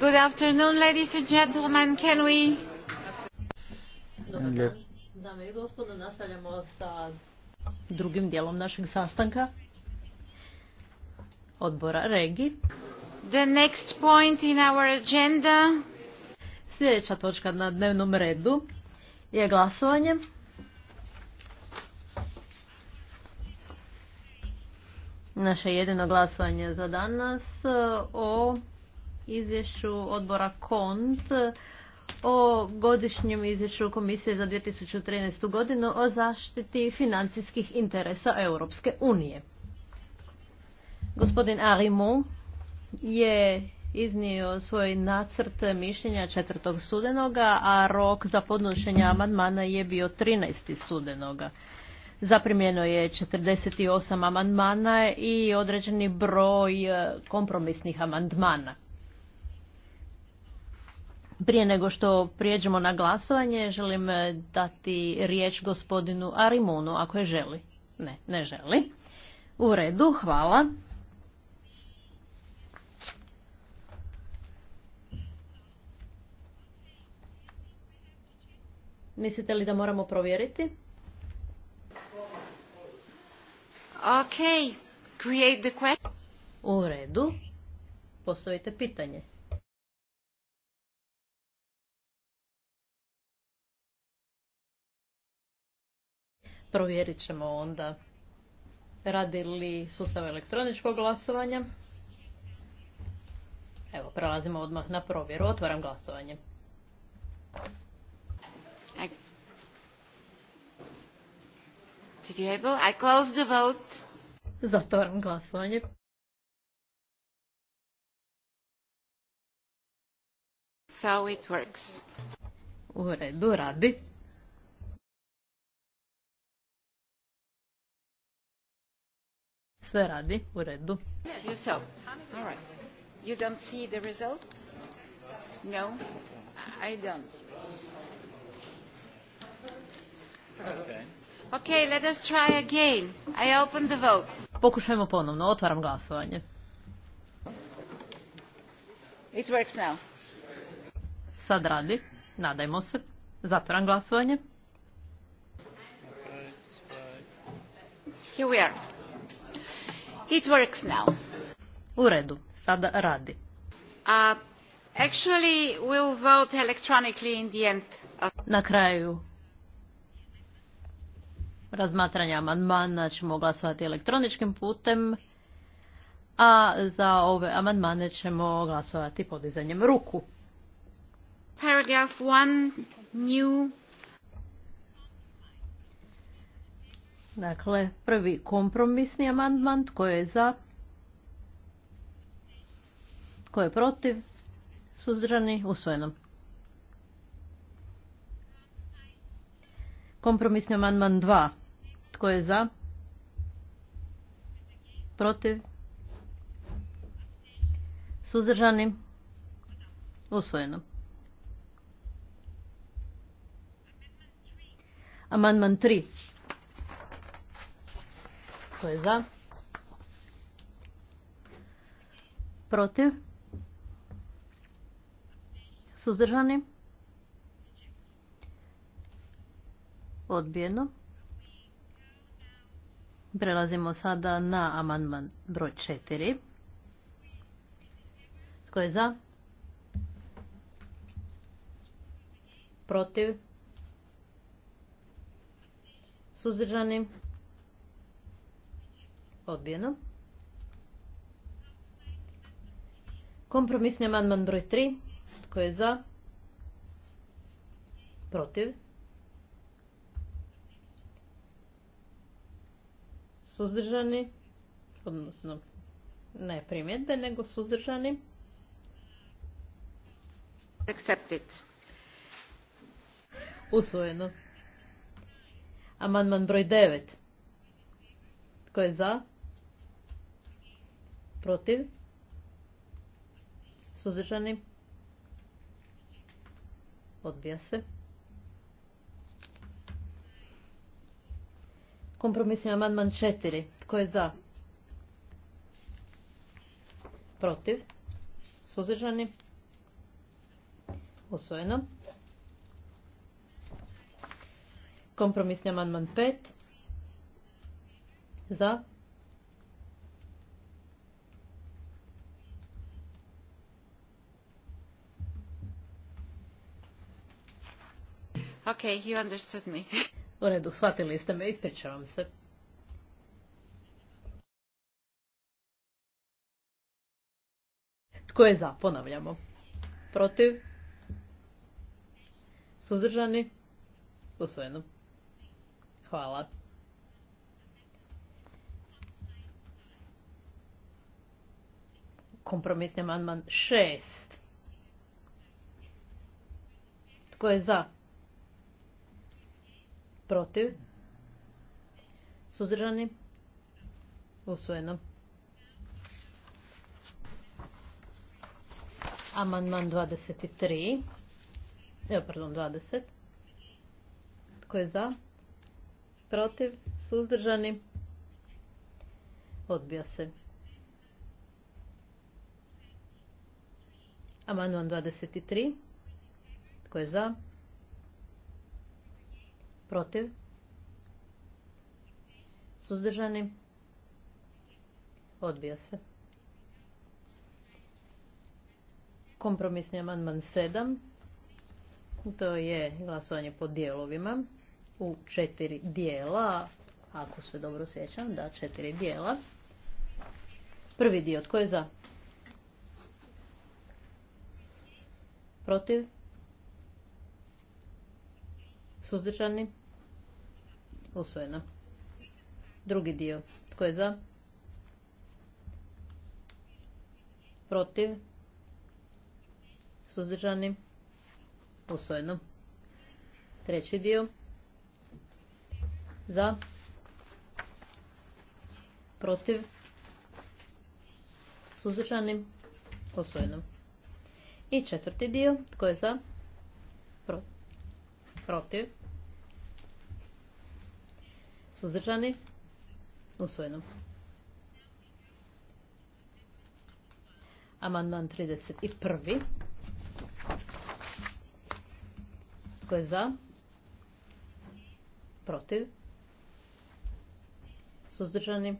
Good afternoon, ladies and gentlemen. Can we... Dobar dan, dame i gospodo, nastavljamo sa drugim dijelom našeg sastanka odbora Regi. next point in our agenda. Sljedeća točka na dnevnom redu je glasovanje. Naše jedino glasovanje za danas uh, o izvješću odbora KONT o godišnjem izvješću Komisije za 2013. godinu o zaštiti financijskih interesa Europske unije. Gospodin Arimu je iznio svoj nacrt mišljenja 4. studenoga, a rok za podnošenje amandmana je bio 13. studenoga. Zaprimljeno je 48 amandmana i određeni broj e, kompromisnih amandmana. Prije nego što prijeđemo na glasovanje, želim eh, dati riječ gospodinu Arimonu, ako je želi. Ne, ne želi. U redu, hvala. Mislite li da moramo provjeriti? Ok, create the U redu, postavite pitanje. Provjerit ćemo onda radi li sustav elektroničkog glasovanja. Evo, prelazimo odmah na provjeru. Otvaram glasovanje. Did Zatvaram glasovanje. So it works. U redu, radi. Sve radi u redu. You don't see the result? No, I don't. Okay. Okay, let us try again. I open the vote. Pokušajmo ponovno, otvaram glasovanje. It works now. Sad radi, nadajmo se. Zatvaram glasovanje. Here we are it works now. U redu, sada radi. A, actually, we'll vote electronically in the end. Na kraju razmatranja amandmana ćemo glasovati elektroničkim putem, a za ove amandmane ćemo glasovati podizanjem ruku. Paragraf 1, new Dakle, prvi kompromisni amandman, tko je za, tko je protiv, suzdržani, usvojeno. Kompromisni amandman 2, tko je za, protiv, suzdržani, usvojeno. Amandman tri... Tko je za? Protiv? Suzdržani? Odbijeno. Prelazimo sada na amandman broj četiri. Tko je za? Protiv? Suzdržani? Odbijeno. Kompromisni amandman broj 3. Tko je za? Protiv? Suzdržani? Odnosno, ne primjetbe, nego suzdržani? Accepted. Usvojeno. Amandman broj 9. Tko je za? protiv, suzdržani, odbija se. Kompromisni amandman četiri. Tko je za? Protiv? Suzdržani? Usvojeno. Kompromisni amandman pet. Za? Okay, you understood me. U redu, shvatili ste me, ispričavam se. Tko je za? Ponavljamo. Protiv? Suzdržani? Usvojeno. Hvala. Kompromisni amandman Šest. Tko je za? Protiv? Suzdržani? Usvojeno. Amandman 23. Evo, pardon, 20. Tko je za? Protiv? Suzdržani? Odbija se. Amandman 23. Tko je za? Protiv? Suzdržani? Odbija se. Kompromisni amandman sedam. To je glasovanje po dijelovima u četiri dijela, ako se dobro sjećam, da četiri dijela. Prvi dio, tko je za? Protiv? Suzdržani? Usvojeno. Drugi dio. Tko je za? Protiv? Suzdržani? Usvojeno. Treći dio. Za? Protiv? Suzdržani? Usvojeno. I četvrti dio. Tko je za? protiv? Suzdržani? Usvojeno. Amandman 31. Tko je za? Protiv? Suzdržani?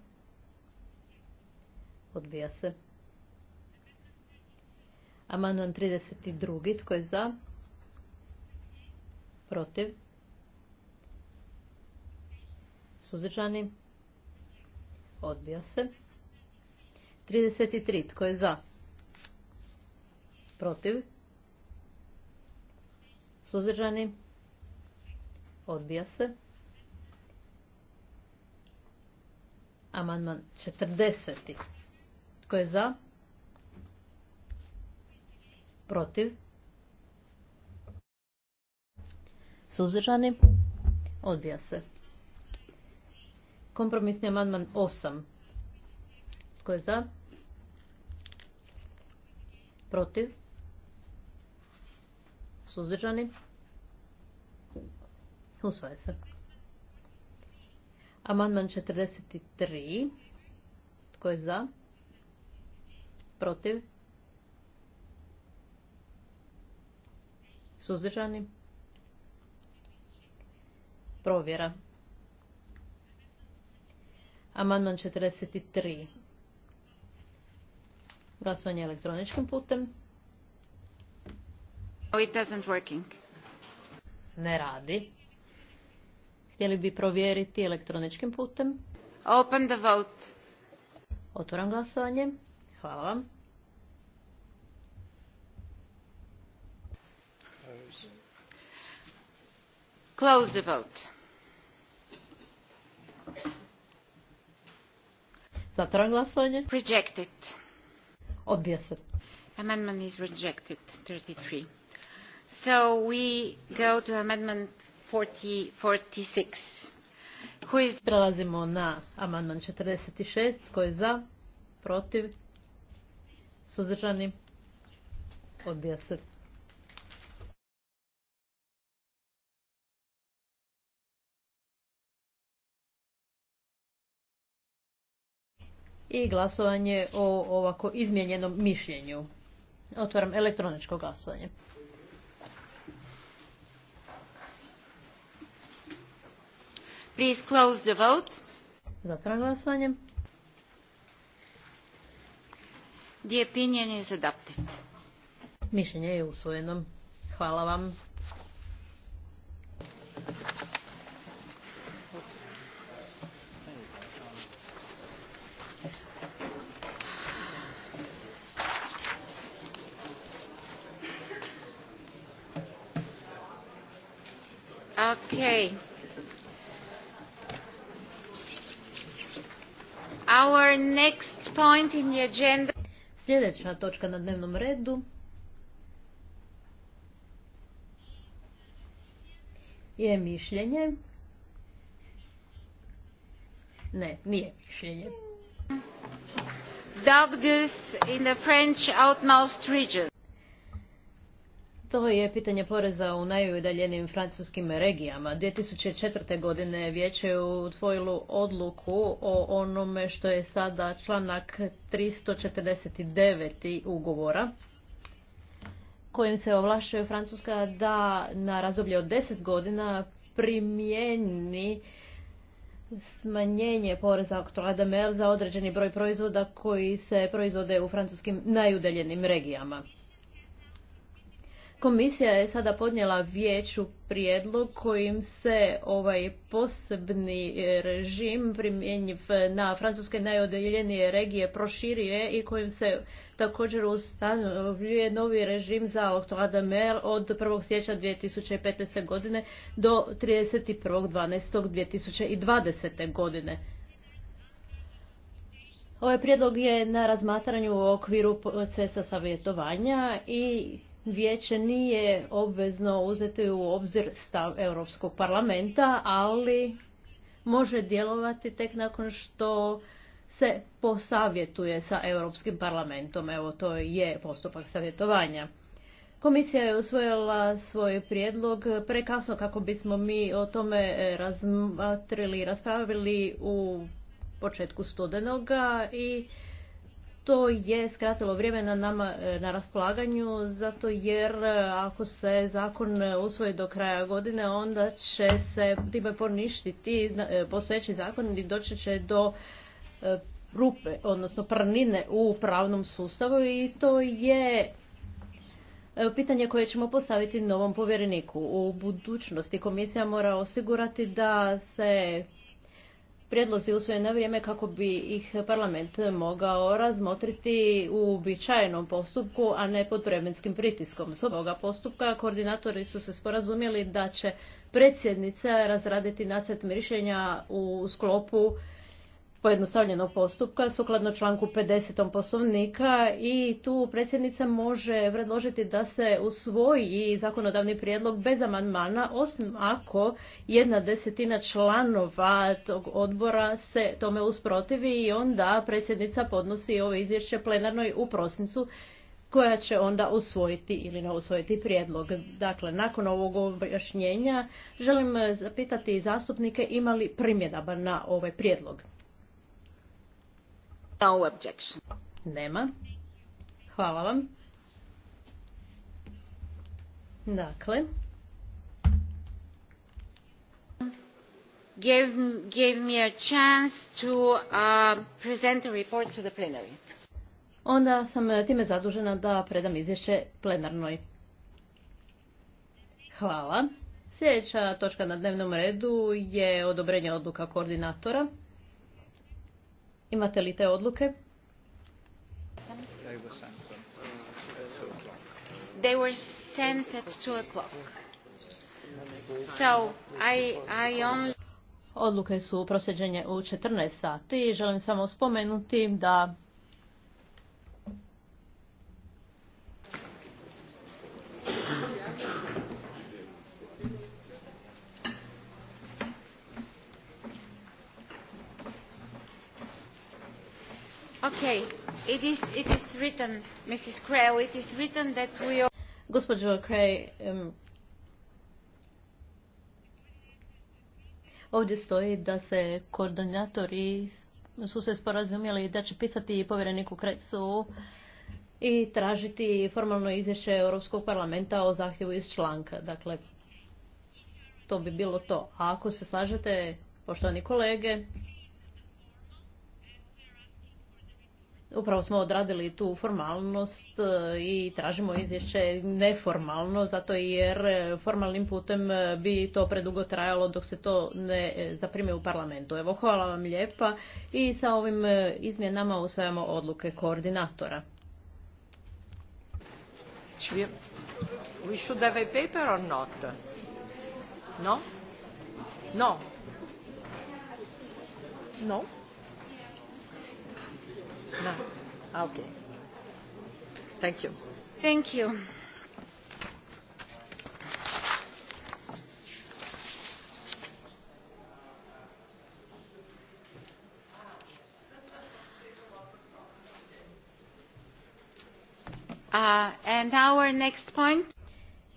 Odbija se. Amandman 32. Tko je za? Protiv? Suzdržani? Odbija se. 33. Tko je za? Protiv? Suzdržani? Odbija se. Amandman 40. Tko je za? Protiv? Suzdržani? Odbija se. Kompromisni amandman 8. Tko je za? Protiv? Suzdržani? usvaje se. Amandman 43. Tko je za? Protiv? Suzdržani? Provjera. Amandman 43. Glasovanje elektroničkim putem. Oh, it doesn't working. Ne radi. Htjeli bi provjeriti elektroničkim putem. Open the vote. Otvoram glasovanje. Hvala vam. Close the vote. Zatra glasovanje. Rejected. Odbija se. Amendment is rejected. 33. So we go to amendment 40, 46. Who is... Prelazimo na amandman 46. koji je za? Protiv? Suzdržani? Odbija se. i glasovanje o ovako izmijenjenom mišljenju. Otvaram elektroničko glasovanje. Please close the vote. Zatvaram glasovanje. The opinion adopted. Mišljenje je usvojeno. Hvala vam. Sljedeća točka na dnevnom redu je mišljenje. Ne, nije mišljenje. Dogs in the French outmost region. To je pitanje poreza u najudaljenim francuskim regijama. 2004. godine vijeće je usvojilo odluku o onome što je sada članak 349. ugovora kojim se ovlašuje Francuska da na razdoblje od 10 godina primijeni smanjenje poreza octroi de za određeni broj proizvoda koji se proizvode u francuskim najudaljenim regijama. Komisija je sada podnijela vijeću prijedlog kojim se ovaj posebni e, režim primjenjiv na francuske najodeljenije regije proširuje i kojim se također ustanovljuje novi režim za Octroi de Mer od 1. siječnja 2015. godine do 31.12.2020. godine. Ovaj prijedlog je na razmatranju u okviru procesa savjetovanja i vijeće nije obvezno uzeti u obzir stav Europskog parlamenta, ali može djelovati tek nakon što se posavjetuje sa Europskim parlamentom. Evo, to je postupak savjetovanja. Komisija je usvojila svoj prijedlog prekasno kako bismo mi o tome razmatrili i raspravili u početku studenoga i to je skratilo vrijeme na nama e, na raspolaganju, zato jer e, ako se zakon usvoji do kraja godine, onda će se time poništiti e, postojeći zakon i doći će do rupe, odnosno prnine u pravnom sustavu i to je pitanje koje ćemo postaviti novom povjereniku. U budućnosti komisija mora osigurati da se prijedlozi usvoje na vrijeme kako bi ih parlament mogao razmotriti u uobičajenom postupku, a ne pod vremenskim pritiskom. S ovoga postupka koordinatori su se sporazumjeli da će predsjednica razraditi nacrt mišljenja u sklopu pojednostavljenog postupka sukladno članku 50. poslovnika i tu predsjednica može predložiti da se usvoji zakonodavni prijedlog bez amandmana osim ako jedna desetina članova tog odbora se tome usprotivi i onda predsjednica podnosi ovo izvješće plenarnoj u prosincu koja će onda usvojiti ili ne usvojiti prijedlog. Dakle, nakon ovog objašnjenja želim zapitati zastupnike imali primjedaba na ovaj prijedlog. Nema. Hvala vam. Dakle. Give, me a chance to uh, present a report to the plenary. Onda sam eh, time zadužena da predam izvješće plenarnoj. Hvala. Sljedeća točka na dnevnom redu je odobrenje odluka koordinatora. Imate li te odluke? They were sent at 2 o'clock. So, I, I only... Odluke su prosjeđenje u 14 sati. Želim samo spomenuti da Okay. It is, it is written, Mrs. it is written that we... Gospođo ovdje stoji da se koordinatori su se sporazumjeli da će pisati povjereniku Krecu i tražiti formalno izvješće Europskog parlamenta o zahtjevu iz članka. Dakle, to bi bilo to. A ako se slažete, poštovani kolege, Upravo smo odradili tu formalnost e, i tražimo izvješće neformalno, zato jer e, formalnim putem e, bi to predugo trajalo dok se to ne zaprime u parlamentu. Evo, hvala vam lijepa i sa ovim izmjenama usvajamo odluke koordinatora. We should have a paper or not? No? No? No? Okay. Thank you. Thank you. Uh, and our next point.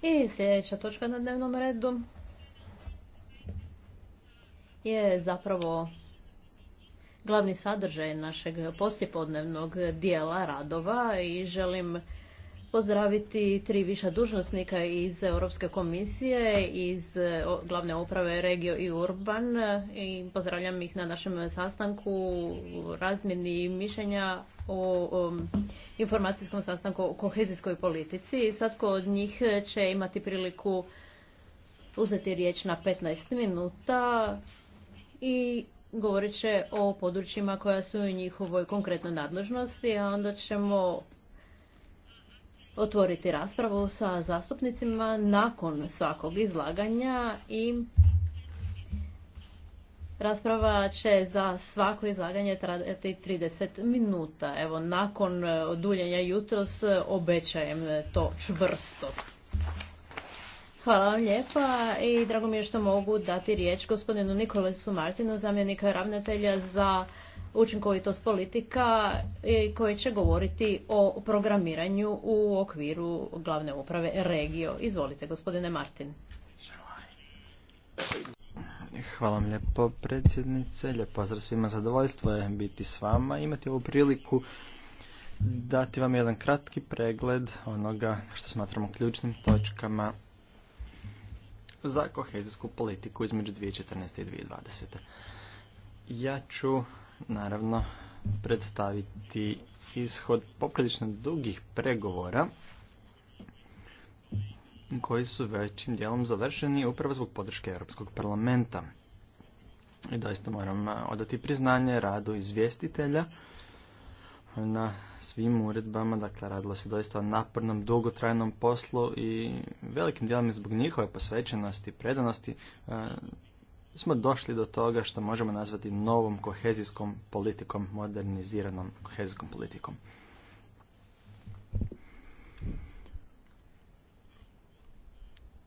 I ča točka na dnevnom redu je zapravo glavni sadržaj našeg poslijepodnevnog dijela radova i želim pozdraviti tri viša dužnosnika iz Europske komisije, iz e, glavne uprave Regio i Urban i pozdravljam ih na našem sastanku razmjeni mišljenja o, informacijskom sastanku o kohezijskoj politici. Svatko od njih će imati priliku uzeti riječ na 15 minuta i govorit će o područjima koja su u njihovoj konkretnoj nadležnosti, a onda ćemo otvoriti raspravu sa zastupnicima nakon svakog izlaganja i rasprava će za svako izlaganje trajati 30 minuta. Evo, nakon oduljenja jutros obećajem to čvrsto. Hvala vam lijepa i drago mi je što mogu dati riječ gospodinu Nikolesu Martinu, zamjenika ravnatelja za učinkovitost politika koji će govoriti o programiranju u okviru glavne uprave Regio. Izvolite gospodine Martin. Hvala vam lijepo predsjednice, lijep pozdrav svima, zadovoljstvo je biti s vama, imati ovu priliku dati vam jedan kratki pregled onoga što smatramo ključnim točkama za kohezijsku politiku između 2014. i 2020. Ja ću naravno predstaviti ishod poprilično dugih pregovora koji su većim dijelom završeni upravo zbog podrške Europskog parlamenta. I doista moram eh, odati priznanje radu izvjestitelja na svim uredbama, dakle radilo se doista o napornom, dugotrajnom poslu i velikim dijelom zbog njihove posvećenosti i predanosti eh, smo došli do toga što možemo nazvati novom kohezijskom politikom, moderniziranom kohezijskom politikom.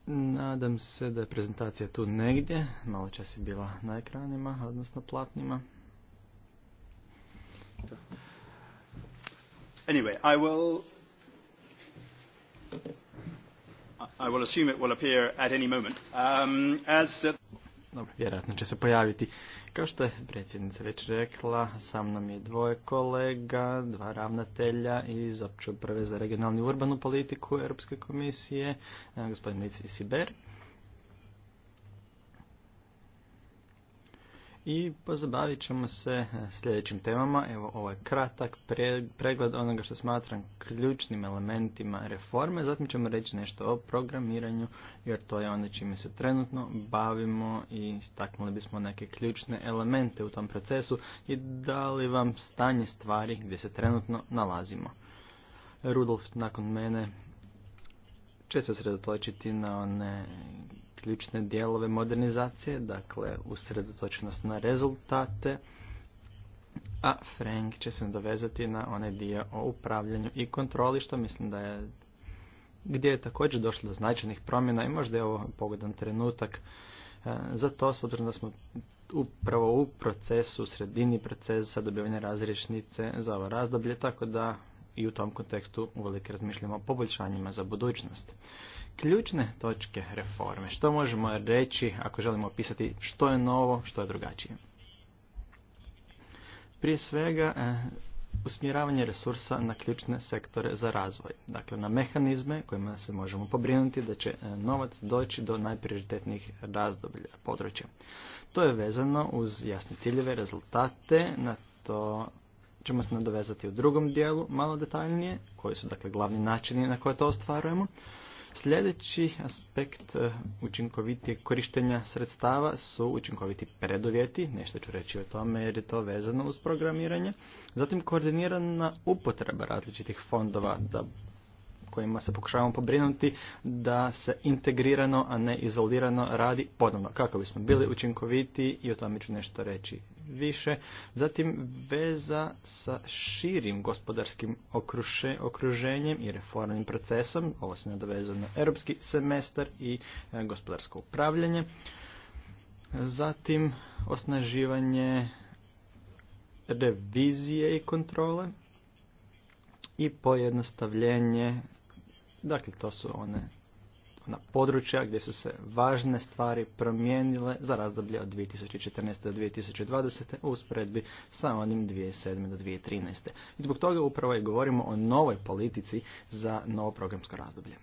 Nadam se da je prezentacija tu negdje, malo čas je bila na ekranima, odnosno platnima. Anyway, I will I will assume it will appear at any moment. Um, as... Dobro, vjerojatno će se pojaviti. Kao što je predsjednica već rekla, sa mnom je dvoje kolega, dva ravnatelja iz opće uprave za regionalnu urbanu politiku Europske komisije, e, gospodin Mici Siber i pozabavit ćemo se e, sljedećim temama. Evo ovo je kratak pregled onoga što smatram ključnim elementima reforme, zatim ćemo reći nešto o programiranju jer to je ono čime se trenutno bavimo i staknuli bismo neke ključne elemente u tom procesu i dali vam stanje stvari gdje se trenutno nalazimo. Rudolf nakon mene će se osredotočiti na one ključne dijelove modernizacije, dakle usredotočenost na rezultate, a Frank će se dovezati na onaj dio o upravljanju i kontroli, što mislim da je gdje je također došlo do značajnih promjena i možda je ovo pogodan trenutak e, za to, s obzirom da smo upravo u procesu, sredini procesa dobivanja razrješnice za ovo razdoblje, tako da i u tom kontekstu uvelike razmišljamo o poboljšanjima za budućnost ključne točke reforme. Što možemo reći ako želimo opisati što je novo, što je drugačije? Prije svega, eh, usmjeravanje resursa na ključne sektore za razvoj. Dakle, na mehanizme kojima se možemo pobrinuti da će eh, novac doći do najprioritetnijih razdoblja područja. To je vezano uz jasne ciljeve, rezultate, na to ćemo se nadovezati u drugom dijelu, malo detaljnije, koji su dakle glavni načini na koje to ostvarujemo. Sljedeći aspekt e, učinkovitijeg korištenja sredstava su učinkoviti predovjeti, nešto ću reći o tome jer je to vezano uz programiranje, zatim koordinirana upotreba različitih fondova da kojima se pokušavamo pobrinuti da se integrirano, a ne izolirano radi ponovno. Kako bismo bili učinkoviti i o tome ću nešto reći više. Zatim veza sa širim gospodarskim okruženjem i reformnim procesom. Ovo se nadovezuje na europski semestar i e, gospodarsko upravljanje. Zatim osnaživanje revizije i kontrole i pojednostavljenje Dakle, to su one na područja gdje su se važne stvari promijenile za razdoblje od 2014. do 2020. u usporedbi sa onim 2007. do 2013. I zbog toga upravo i govorimo o novoj politici za novo programsko razdoblje.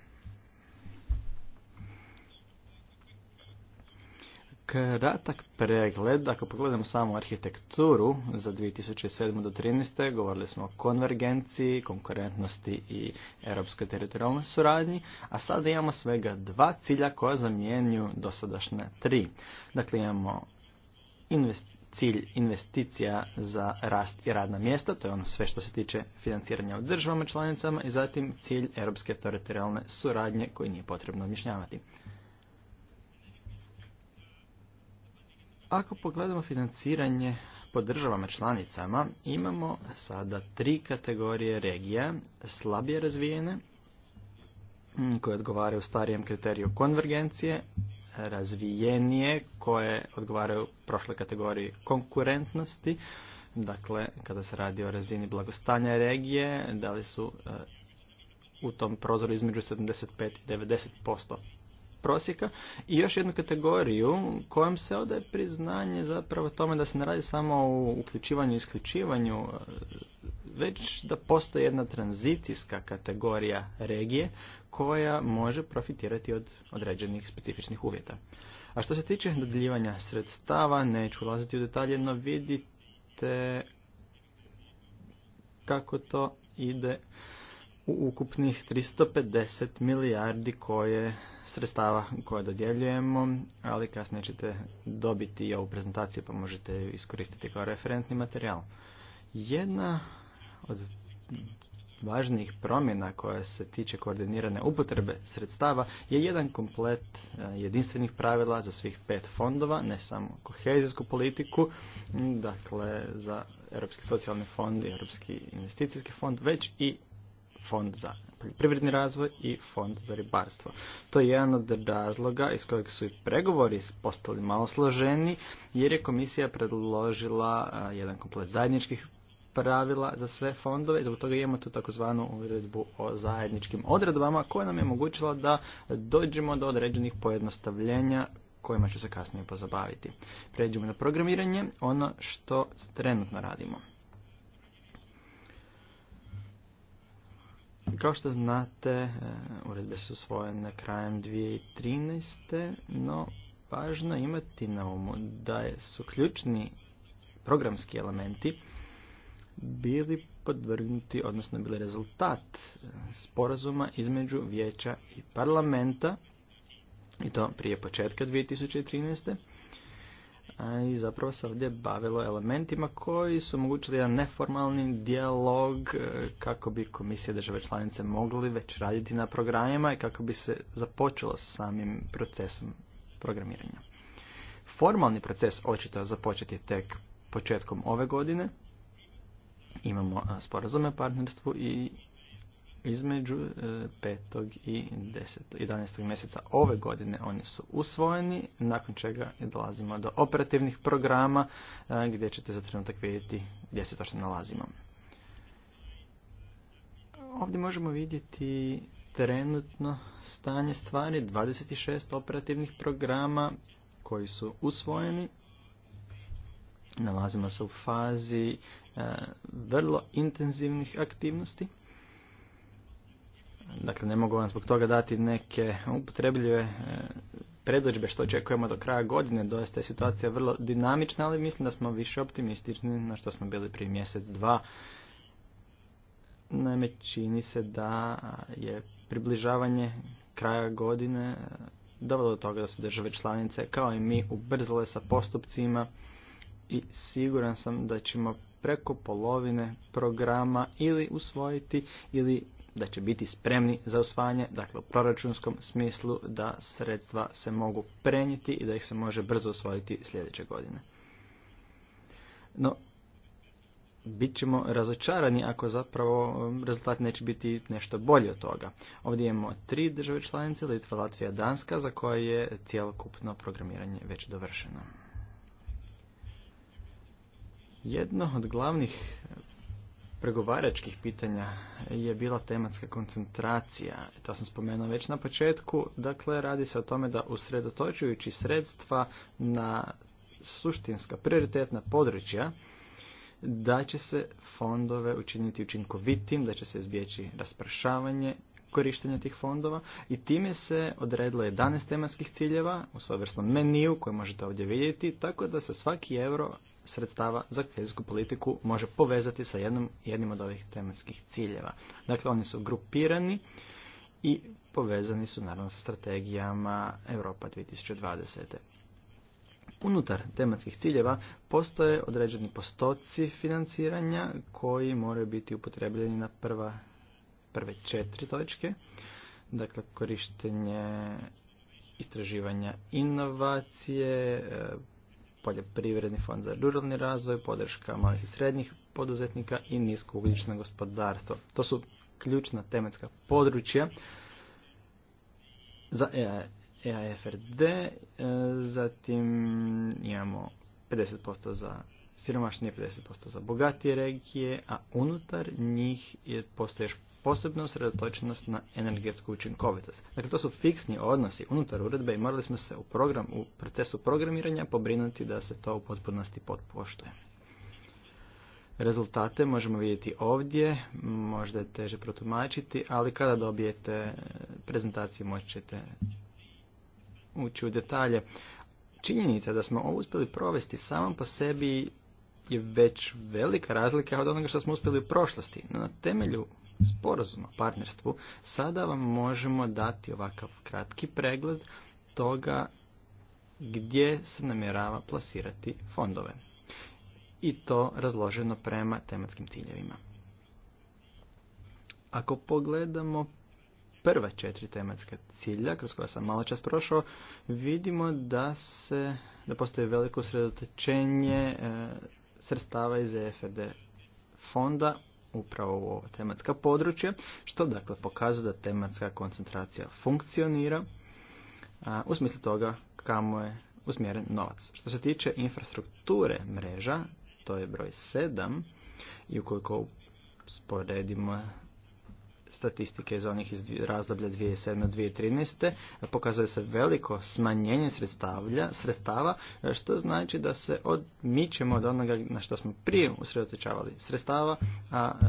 kratak pregled, ako pogledamo samo arhitekturu za 2007. do 2013. govorili smo o konvergenciji, konkurentnosti i europskoj teritorijalnoj suradnji, a sada imamo svega dva cilja koja zamijenju dosadašnja tri. Dakle, imamo cilj investicija za rast i radna mjesta, to je ono sve što se tiče financiranja u državama članicama i zatim cilj europske teritorijalne suradnje koji nije potrebno objašnjavati. Ako pogledamo financiranje po državama članicama, imamo sada tri kategorije regija, slabije razvijene, koje odgovaraju starijem kriteriju konvergencije, razvijenije koje odgovaraju prošloj kategoriji konkurentnosti, dakle kada se radi o razini blagostanja regije, da li su e, u tom prozoru između 75 i 90% prosjeka i još jednu kategoriju kojom se odaje priznanje zapravo tome da se ne radi samo o uključivanju i isključivanju, e, već da postoji jedna tranzicijska kategorija regije koja može profitirati od određenih specifičnih uvjeta. A što se tiče dodjeljivanja sredstava, neću ulaziti u detalje, no vidite kako to ide u ukupnih 350 milijardi koje sredstava koje dodjeljujemo, ali kasnije ćete dobiti i ovu prezentaciju pa možete iskoristiti kao referentni materijal. Jedna od važnijih promjena koja se tiče koordinirane upotrebe sredstava je jedan komplet e, jedinstvenih pravila za svih pet fondova, ne samo kohezijsku politiku, dakle za Europski socijalni fond i Europski investicijski fond, već i fond za poljoprivredni razvoj i fond za ribarstvo. To je jedan od razloga iz kojeg su i pregovori postali malo složeni jer je komisija predložila jedan komplet zajedničkih pravila za sve fondove i zbog toga imamo tu takozvanu uredbu o zajedničkim odredbama koja nam je omogućila da dođemo do određenih pojednostavljenja kojima ću se kasnije pozabaviti. Pređemo na programiranje, ono što trenutno radimo. Kao što znate, e, uredbe su usvojene krajem 2013. No, važno imati na umu da su ključni programski elementi bili podvrgnuti, odnosno bili rezultat e, sporazuma između vijeća i parlamenta, i to prije početka 2013 i zapravo se ovdje bavilo elementima koji su omogućili jedan neformalni dijalog e, kako bi komisije države članice mogli već raditi na programima i kako bi se započelo sa samim procesom programiranja. Formalni proces očito je započeti tek početkom ove godine. Imamo sporazume o partnerstvu i između 5. E, i 10. 11. mjeseca ove godine oni su usvojeni, nakon čega dolazimo do operativnih programa e, gdje ćete za trenutak vidjeti gdje se točno nalazimo. Ovdje možemo vidjeti trenutno stanje stvari, 26 operativnih programa koji su usvojeni. Nalazimo se u fazi e, vrlo intenzivnih aktivnosti. Dakle, ne mogu vam zbog toga dati neke upotrebljive e, predođbe što očekujemo do kraja godine. Doista je situacija vrlo dinamična, ali mislim da smo više optimistični na što smo bili prije mjesec, dva. Naime, čini se da je približavanje kraja godine e, dovelo do toga da su države članice kao i mi ubrzale sa postupcima i siguran sam da ćemo preko polovine programa ili usvojiti ili da će biti spremni za osvajanje, dakle u proračunskom smislu da sredstva se mogu prenijeti i da ih se može brzo usvojiti sljedeće godine. No, bit ćemo razočarani ako zapravo um, rezultat neće biti nešto bolji od toga. Ovdje imamo tri države članice, Litva, Latvija, Danska, za koje je cjelokupno programiranje već dovršeno. Jedno od glavnih pregovaračkih pitanja je bila tematska koncentracija. To sam spomenuo već na početku. Dakle, radi se o tome da usredotočujući sredstva na suštinska prioritetna područja, da će se fondove učiniti učinkovitim, da će se izbjeći raspršavanje korištenja tih fondova i time se odredilo 11 tematskih ciljeva u svojvrstnom meniju koje možete ovdje vidjeti, tako da se svaki euro sredstava za kohezijsku politiku može povezati sa jednom, jednim od ovih tematskih ciljeva. Dakle, oni su grupirani i povezani su naravno sa strategijama Europa 2020. Unutar tematskih ciljeva postoje određeni postoci financiranja koji moraju biti upotrebljeni na prva, prve četiri točke. Dakle, korištenje istraživanja inovacije, poljoprivredni fond za ruralni razvoj, podrška malih i srednjih poduzetnika i ugljično gospodarstvo. To su ključna tematska područja za EAFRD, e e, zatim imamo 50% za siromašnije, 50% za bogatije regije, a unutar njih je postoje još posebno sredotočnost na energetsku učinkovitost. Dakle, to su fiksni odnosi unutar uredbe i morali smo se u, program, u procesu programiranja pobrinuti da se to u potpunosti potpoštuje. Rezultate možemo vidjeti ovdje, možda je teže protumačiti, ali kada dobijete prezentaciju moći ćete ući u detalje. Činjenica da smo ovo uspjeli provesti samo po sebi je već velika razlika od onoga što smo uspjeli u prošlosti. na temelju sporazum o partnerstvu, sada vam možemo dati ovakav kratki pregled toga gdje se namjerava plasirati fondove. I to razloženo prema tematskim ciljevima. Ako pogledamo prva četiri tematska cilja kroz koja sam malo čas prošao, vidimo da se, da postoji veliko sredotečenje e, sredstava iz EFD fonda upravo u ovo tematska područja, što dakle pokazuje da tematska koncentracija funkcionira a, u smislu toga kamo je usmjeren novac. Što se tiče infrastrukture mreža, to je broj 7 i ukoliko sporedimo statistike iz onih iz razdoblja 2007-2013 pokazuje se veliko smanjenje sredstava, što znači da se odmičemo od onoga na što smo prije usredotečavali sredstava, a e,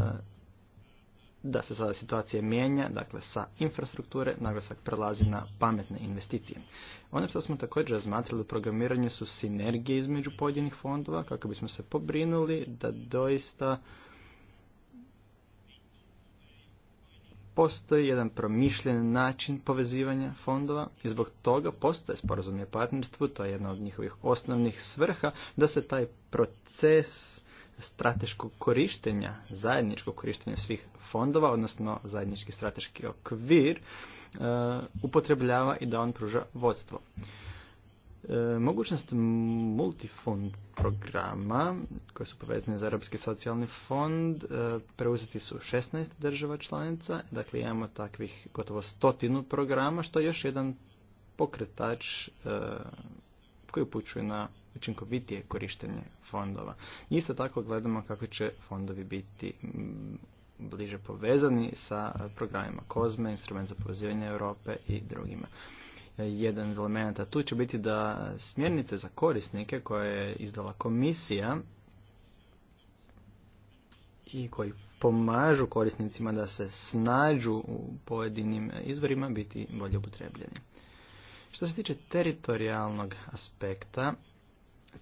da se sada situacija mijenja, dakle sa infrastrukture naglasak prelazi na pametne investicije. Ono što smo također razmatrali u programiranju su sinergije između pojedinih fondova kako bismo se pobrinuli da doista postoji jedan promišljen način povezivanja fondova i zbog toga postoje sporazumi o partnerstvu, to je jedna od njihovih osnovnih svrha, da se taj proces strateškog korištenja, zajedničkog korištenja svih fondova, odnosno zajednički strateški okvir, e, upotrebljava i da on pruža vodstvo. E, mogućnost multifond programa koje su povezane za Europski socijalni fond e, preuzeti su 16 država članica, dakle imamo takvih gotovo stotinu programa što je još jedan pokretač e, koji upućuje na učinkovitije korištenje fondova. Isto tako gledamo kako će fondovi biti bliže povezani sa programima COSME, Instrument za povezivanje Europe i drugima jedan od elementa tu će biti da smjernice za korisnike koje je izdala komisija i koji pomažu korisnicima da se snađu u pojedinim izvorima biti bolje upotrebljeni. Što se tiče teritorijalnog aspekta,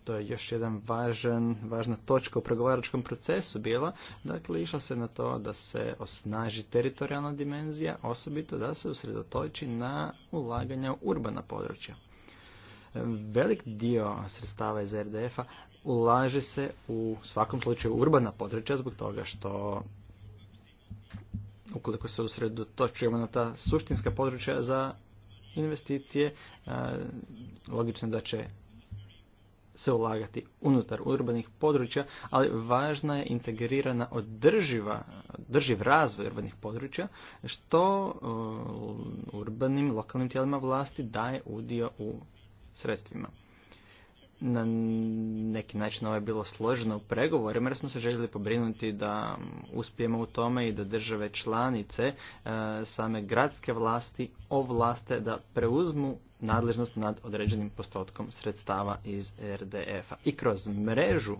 to je još jedan važan, važna točka u pregovaračkom procesu bila. Dakle, išla se na to da se osnaži teritorijalna dimenzija, osobito da se usredotoči na ulaganja u urbana područja. Velik dio sredstava iz RDF-a ulaže se u svakom slučaju urbana područja zbog toga što ukoliko se usredotočujemo na ta suštinska područja za investicije, logično da će se ulagati unutar urbanih područja, ali važna je integrirana održiva, održiv razvoj urbanih područja, što urbanim lokalnim tijelima vlasti daje udio u sredstvima. Na neki način ovo je bilo složeno u pregovorima jer smo se željeli pobrinuti da uspijemo u tome i da države članice e, same gradske vlasti ovlaste da preuzmu nadležnost nad određenim postotkom sredstava iz RDF-a. I kroz mrežu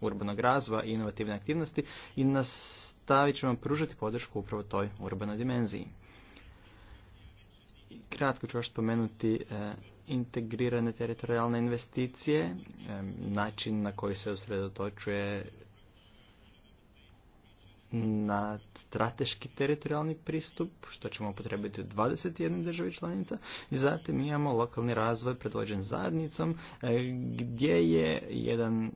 urbanog razvoja i inovativne aktivnosti i nastavit ćemo pružati podršku upravo toj urbanoj dimenziji. Kratko ću još spomenuti e, integrirane teritorijalne investicije, e, način na koji se usredotočuje na strateški teritorijalni pristup, što ćemo potrebiti u 21 državi članica. I zatim imamo lokalni razvoj predvođen zajednicom, e, gdje je jedan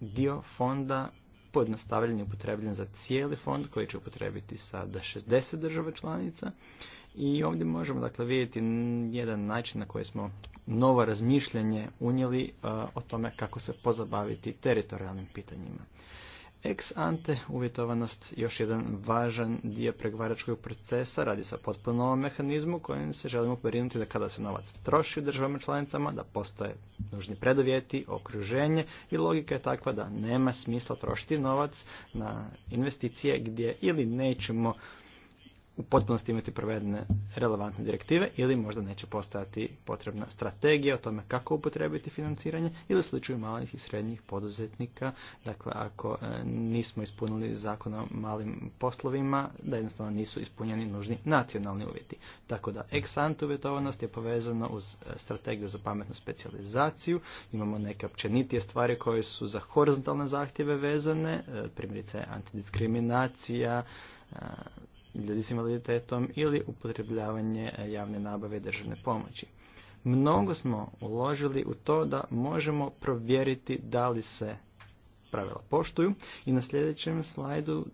dio fonda pojednostavljen i upotrebljen za cijeli fond koji će upotrebiti sada 60 država članica. I ovdje možemo dakle vidjeti jedan način na koji smo novo razmišljanje unijeli e, o tome kako se pozabaviti teritorijalnim pitanjima ex ante uvjetovanost još jedan važan dio pregovaračkog procesa, radi se o potpuno novom mehanizmu kojim se želimo pobrinuti da kada se novac troši u državama članicama, da postoje nužni predovjeti, okruženje i logika je takva da nema smisla trošiti novac na investicije gdje ili nećemo u potpunosti imati provedene relevantne direktive ili možda neće postojati potrebna strategija o tome kako upotrebiti financiranje ili u slučaju malih i srednjih poduzetnika. Dakle, ako e, nismo ispunili zakon o malim poslovima, da jednostavno nisu ispunjeni nužni nacionalni uvjeti. Tako da ex ante uvjetovanost je povezana uz e, strategiju za pametnu specijalizaciju. Imamo neke općenitije stvari koje su za horizontalne zahtjeve vezane, e, primjerice antidiskriminacija, ljudi s invaliditetom ili upotrebljavanje e, javne nabave državne pomoći. Mnogo smo uložili u to da možemo provjeriti da li se pravila poštuju i na sljedećem slajdu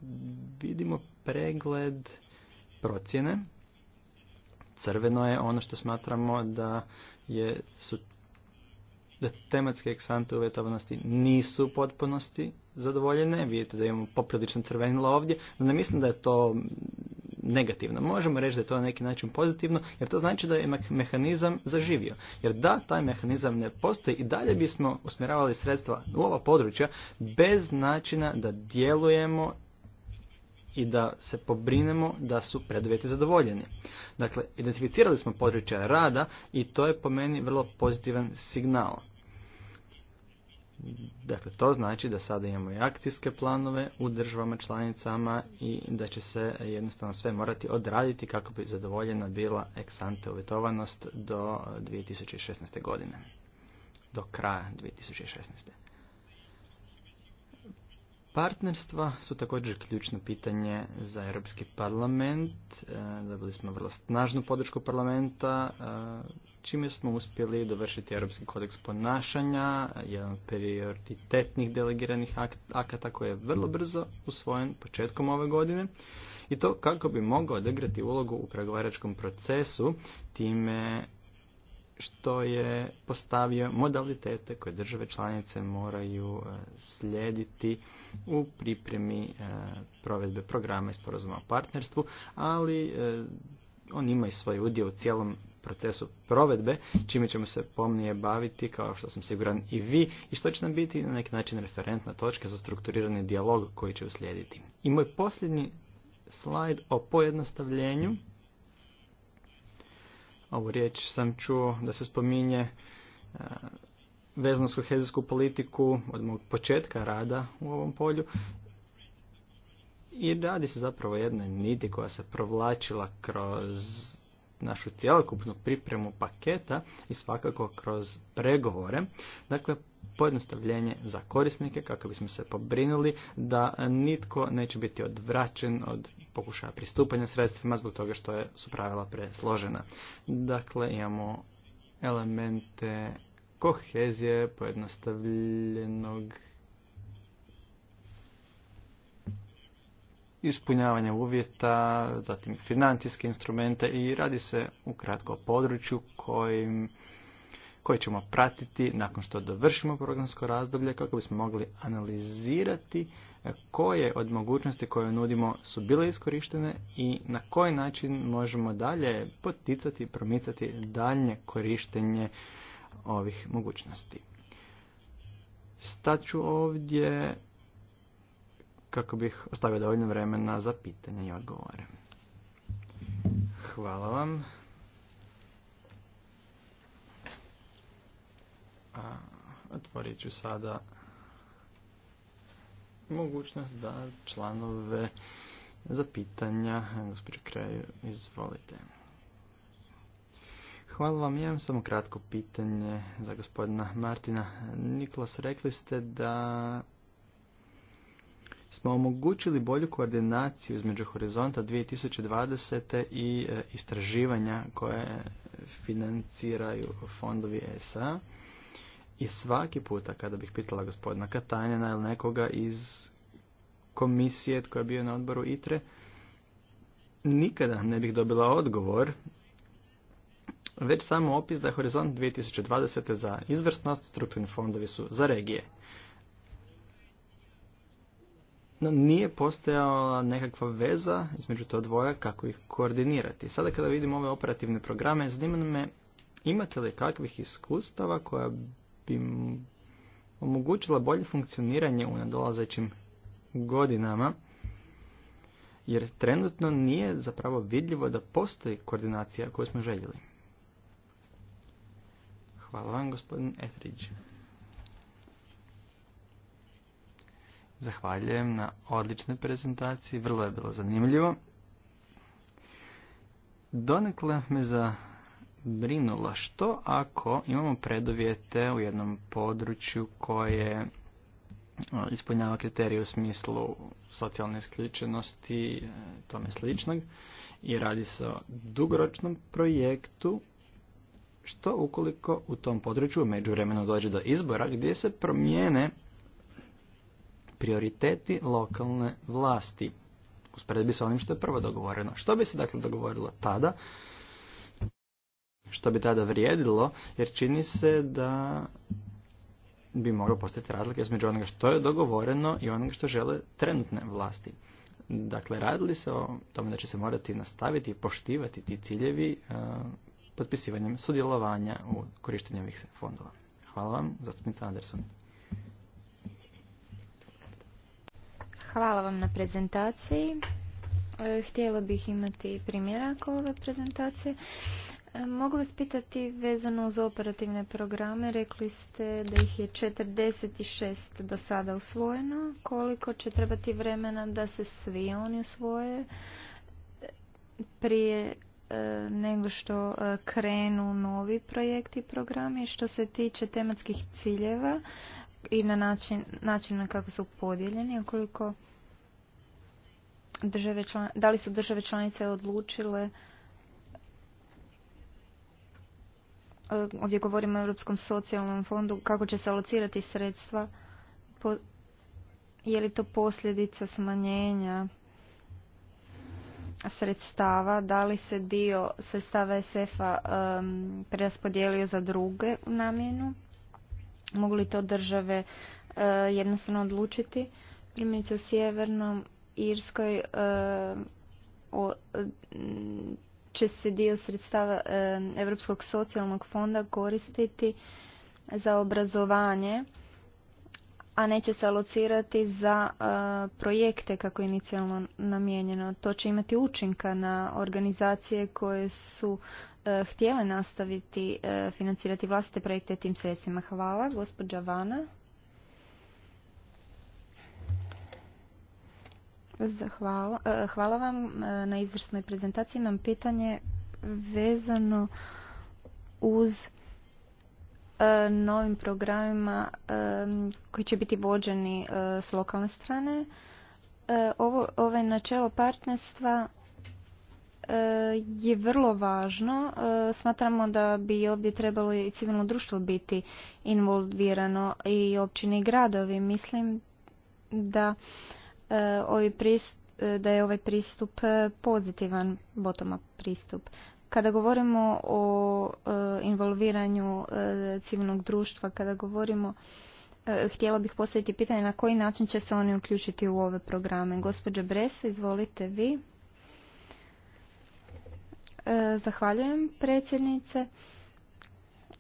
vidimo pregled procjene. Crveno je ono što smatramo da je su da tematske eksante uvjetovanosti nisu u potpunosti zadovoljene. Vidite da imamo poprilično crvenilo ovdje. No, ne mislim da je to negativno. Možemo reći da je to na neki način pozitivno, jer to znači da je mehanizam zaživio. Jer da taj mehanizam ne postoji i dalje bismo usmjeravali sredstva u ova područja bez načina da djelujemo i da se pobrinemo da su preduvjeti zadovoljeni. Dakle, identificirali smo područja rada i to je po meni vrlo pozitivan signal. Dakle, to znači da sada imamo i akcijske planove u državama članicama i da će se jednostavno sve morati odraditi kako bi zadovoljena bila eksante uvjetovanost do 2016. godine. Do kraja 2016. Partnerstva su također ključno pitanje za Europski parlament. E, dobili smo vrlo snažnu podršku parlamenta e, čime smo uspjeli dovršiti Europski kodeks ponašanja, jedan od prioritetnih delegiranih akata koji je vrlo brzo usvojen početkom ove godine i to kako bi mogao odigrati ulogu u pregovaračkom procesu time što je postavio modalitete koje države članice moraju e, slijediti u pripremi e, provedbe programa i sporazuma o partnerstvu, ali e, on ima i svoj udio u cijelom procesu provedbe, čime ćemo se pomnije baviti, kao što sam siguran i vi, i što će nam biti na neki način referentna točka za strukturirani dijalog koji će uslijediti. I moj posljednji slajd o pojednostavljenju. Ovu riječ sam čuo da se spominje e, vezano s kohezijsku politiku od mog početka rada u ovom polju i radi se zapravo o niti koja se provlačila kroz našu cjelokupnu pripremu paketa i svakako kroz pregovore. Dakle, pojednostavljenje za korisnike kako bismo se pobrinuli da nitko neće biti odvraćen od pokušaja pristupanja sredstvima zbog toga što je, su pravila presložena. Dakle, imamo elemente kohezije, pojednostavljenog ispunjavanje uvjeta, zatim financijske instrumente i radi se ukratko o području kojim, koje ćemo pratiti nakon što dovršimo programsko razdoblje kako bismo mogli analizirati koje od mogućnosti koje nudimo su bile iskorištene i na koji način možemo dalje poticati i promicati daljnje korištenje ovih mogućnosti. Staću ovdje kako bih ostavio dovoljno vremena za pitanje i odgovore. Hvala vam. A, otvorit ću sada mogućnost za članove za pitanja. Gospodin Kraju, izvolite. Hvala vam. imam samo kratko pitanje za gospodina Martina Niklas. Rekli ste da smo omogućili bolju koordinaciju između Horizonta 2020. i e, istraživanja koje financiraju fondovi ESA. I svaki puta kada bih pitala gospodina Katanjena ili nekoga iz komisije koja je bio na odboru ITRE, nikada ne bih dobila odgovor, već samo opis da je Horizont 2020. za izvrsnost, strukturni fondovi su za regije. No nije postojala nekakva veza između to dvoja kako ih koordinirati. Sada kada vidim ove operativne programe, zanima me imate li kakvih iskustava koja bi omogućila bolje funkcioniranje u nadolazećim godinama, jer trenutno nije zapravo vidljivo da postoji koordinacija koju smo željeli. Hvala vam, gospodin Etheridge. Zahvaljujem na odličnoj prezentaciji, vrlo je bilo zanimljivo. Donekle me zabrinula što ako imamo predovjete u jednom području koje ispunjava kriterije u smislu socijalne isključenosti, e, tome sličnog, i radi se o dugoročnom projektu što ukoliko u tom području međuvremeno dođe do izbora gdje se promijene prioriteti lokalne vlasti. Usporedbi sa onim što je prvo dogovoreno. Što bi se dakle dogovorilo tada? Što bi tada vrijedilo? Jer čini se da bi moglo postati razlika između onoga što je dogovoreno i onoga što žele trenutne vlasti. Dakle, radili se o tome da će se morati nastaviti i poštivati ti ciljevi e, potpisivanjem sudjelovanja u korištenju ovih fondova. Hvala vam, zastupnica Anderson. Hvala vam na prezentaciji. E, htjela bih imati primjerak ove prezentacije. E, mogu vas pitati vezano uz operativne programe. Rekli ste da ih je 46 do sada usvojeno. Koliko će trebati vremena da se svi oni usvoje prije e, nego što krenu novi projekti i programi. Što se tiče tematskih ciljeva, i na način, način na kako su podijeljeni, ukoliko države da li su države članice odlučile ovdje govorimo o Europskom socijalnom fondu, kako će se alocirati sredstva, je li to posljedica smanjenja sredstava, da li se dio sredstava SF-a preraspodijelio za druge namjenu Mogu li to države e, jednostavno odlučiti? Primjerice u Sjevernom Irskoj e, će se dio sredstava e, Europskog socijalnog fonda koristiti za obrazovanje a neće se alocirati za e, projekte kako je inicijalno namijenjeno. To će imati učinka na organizacije koje su e, htjele nastaviti e, financirati vlastite projekte tim sredstvima. Hvala. Gospođa Vana. hvala vam na izvrsnoj prezentaciji. Imam pitanje vezano uz E, novim programima e, koji će biti vođeni e, s lokalne strane. Ovo, je načelo partnerstva je vrlo važno. Smatramo da bi ovdje trebalo i civilno društvo biti involvirano i općine i gradovi. Mislim da, ovaj pristup, da je ovaj pristup pozitivan, bottom pristup. Kada govorimo o e, involviranju e, civilnog društva, kada govorimo e, htjela bih postaviti pitanje na koji način će se oni uključiti u ove programe. Gospođa Bresa, izvolite vi. Zahvaljujem predsjednice.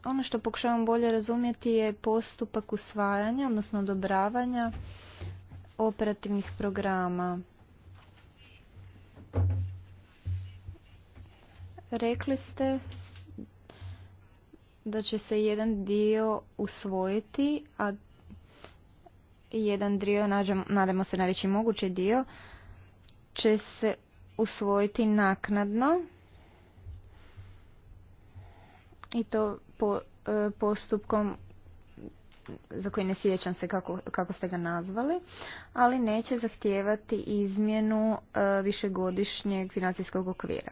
Ono što pokušavam bolje razumjeti je postupak usvajanja, odnosno odobravanja operativnih programa. Rekli ste da će se jedan dio usvojiti, a jedan dio, nadamo se najveći mogući dio, će se usvojiti naknadno i to po, e, postupkom za koji ne sjećam se kako, kako ste ga nazvali, ali neće zahtijevati izmjenu e, višegodišnjeg financijskog okvira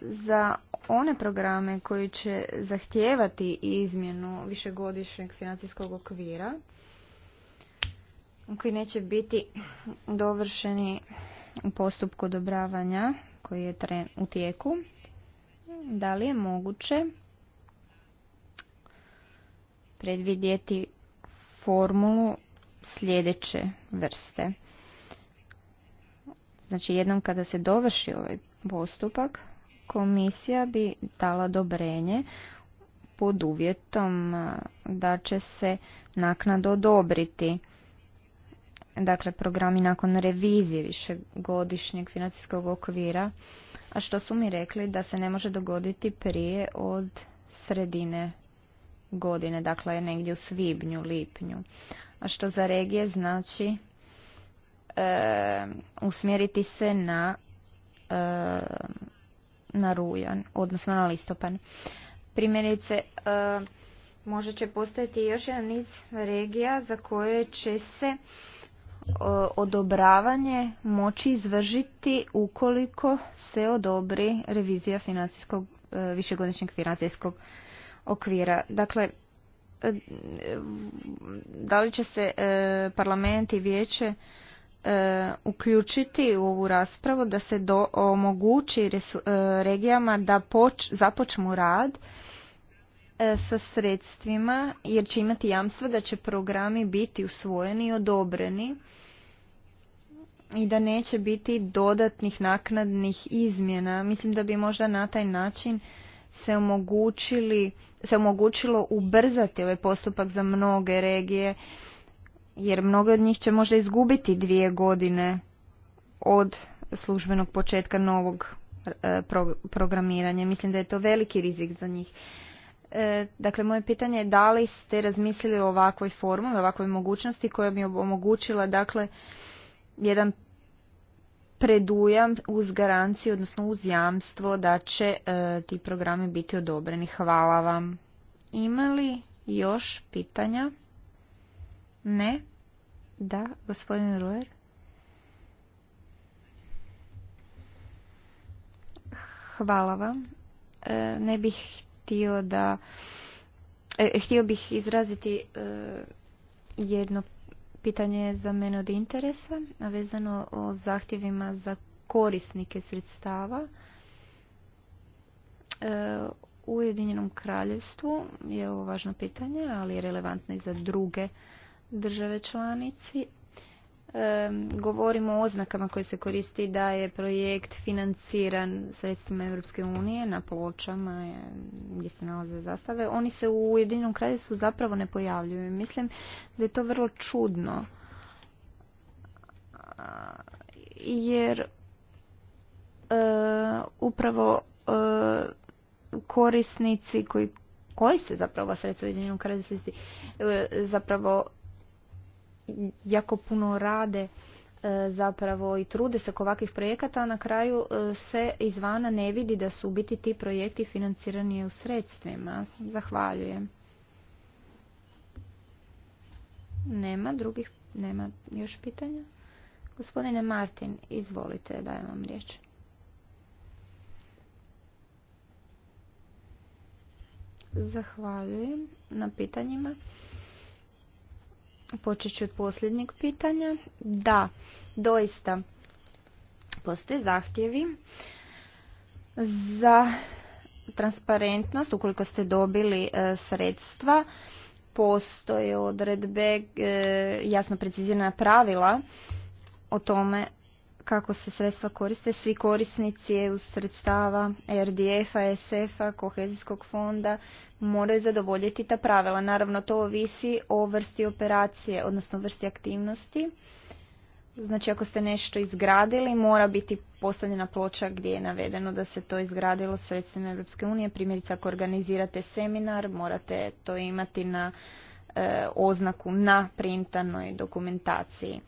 za one programe koji će zahtijevati izmjenu višegodišnjeg financijskog okvira koji neće biti dovršeni u postupku odobravanja koji je tren, u tijeku. Da li je moguće predvidjeti formulu sljedeće vrste? Znači jednom kada se dovrši ovaj postupak, komisija bi dala dobrenje pod uvjetom da će se naknad odobriti. Dakle, programi nakon revizije višegodišnjeg financijskog okvira, a što su mi rekli da se ne može dogoditi prije od sredine godine, dakle negdje u svibnju, lipnju. A što za regije znači e, usmjeriti se na Eh, na rujan, odnosno na listopan. Primjerice, eh, možda će postojati još jedan niz regija za koje će se eh, odobravanje moći izvršiti ukoliko se odobri revizija financijskog, višegodišnjeg financijskog okvira. Dakle, da li će se parlament i vijeće E, uključiti u ovu raspravu da se omogući e, regijama da poč, započnu rad e, sa sredstvima jer će imati jamstvo da će programi biti usvojeni i odobreni i da neće biti dodatnih naknadnih izmjena. Mislim da bi možda na taj način se, omogućili, se omogućilo ubrzati ovaj postupak za mnoge regije jer mnogi od njih će možda izgubiti dvije godine od službenog početka novog e, programiranja. Mislim da je to veliki rizik za njih. E, dakle, moje pitanje je da li ste razmislili o ovakvoj formuli, ovakvoj mogućnosti koja bi omogućila dakle, jedan predujam uz garanciju, odnosno uz jamstvo da će e, ti programi biti odobreni. Hvala vam. Ima li još pitanja? Ne. Da, gospodin Ruer. Hvala vam. E, ne bih htio da... E, htio bih izraziti e, jedno pitanje za mene od interesa, a vezano o zahtjevima za korisnike sredstava. U Ujedinjenom kraljevstvu je ovo važno pitanje, ali je relevantno i za druge države članici. govorimo o oznakama koje se koristi da je projekt financiran sredstvima Europske unije na pločama e, gdje se nalaze zastave. Oni se u Ujedinom kraju zapravo ne pojavljuju. Mislim da je to vrlo čudno jer e, upravo e, korisnici koji koji se zapravo sredstvo ujedinjenom kraljestva zapravo jako puno rade e, zapravo i trude se ovakvih projekata, a na kraju e, se izvana ne vidi da su biti ti projekti financirani u sredstvima. Zahvaljujem. Nema drugih, nema još pitanja? Gospodine Martin, izvolite, dajem vam riječ. Zahvaljujem na pitanjima. Počet ću od posljednjeg pitanja. Da, doista postoje zahtjevi za transparentnost ukoliko ste dobili e, sredstva postoje odredbe e, jasno precizirana pravila o tome kako se sredstva koriste. Svi korisnici EU sredstava, RDF-a, SF-a, kohezijskog fonda moraju zadovoljiti ta pravila. Naravno, to ovisi o vrsti operacije, odnosno vrsti aktivnosti. Znači, ako ste nešto izgradili, mora biti postavljena ploča gdje je navedeno da se to izgradilo sredstvima Europske unije. Primjerice, ako organizirate seminar, morate to imati na e, oznaku na printanoj dokumentaciji.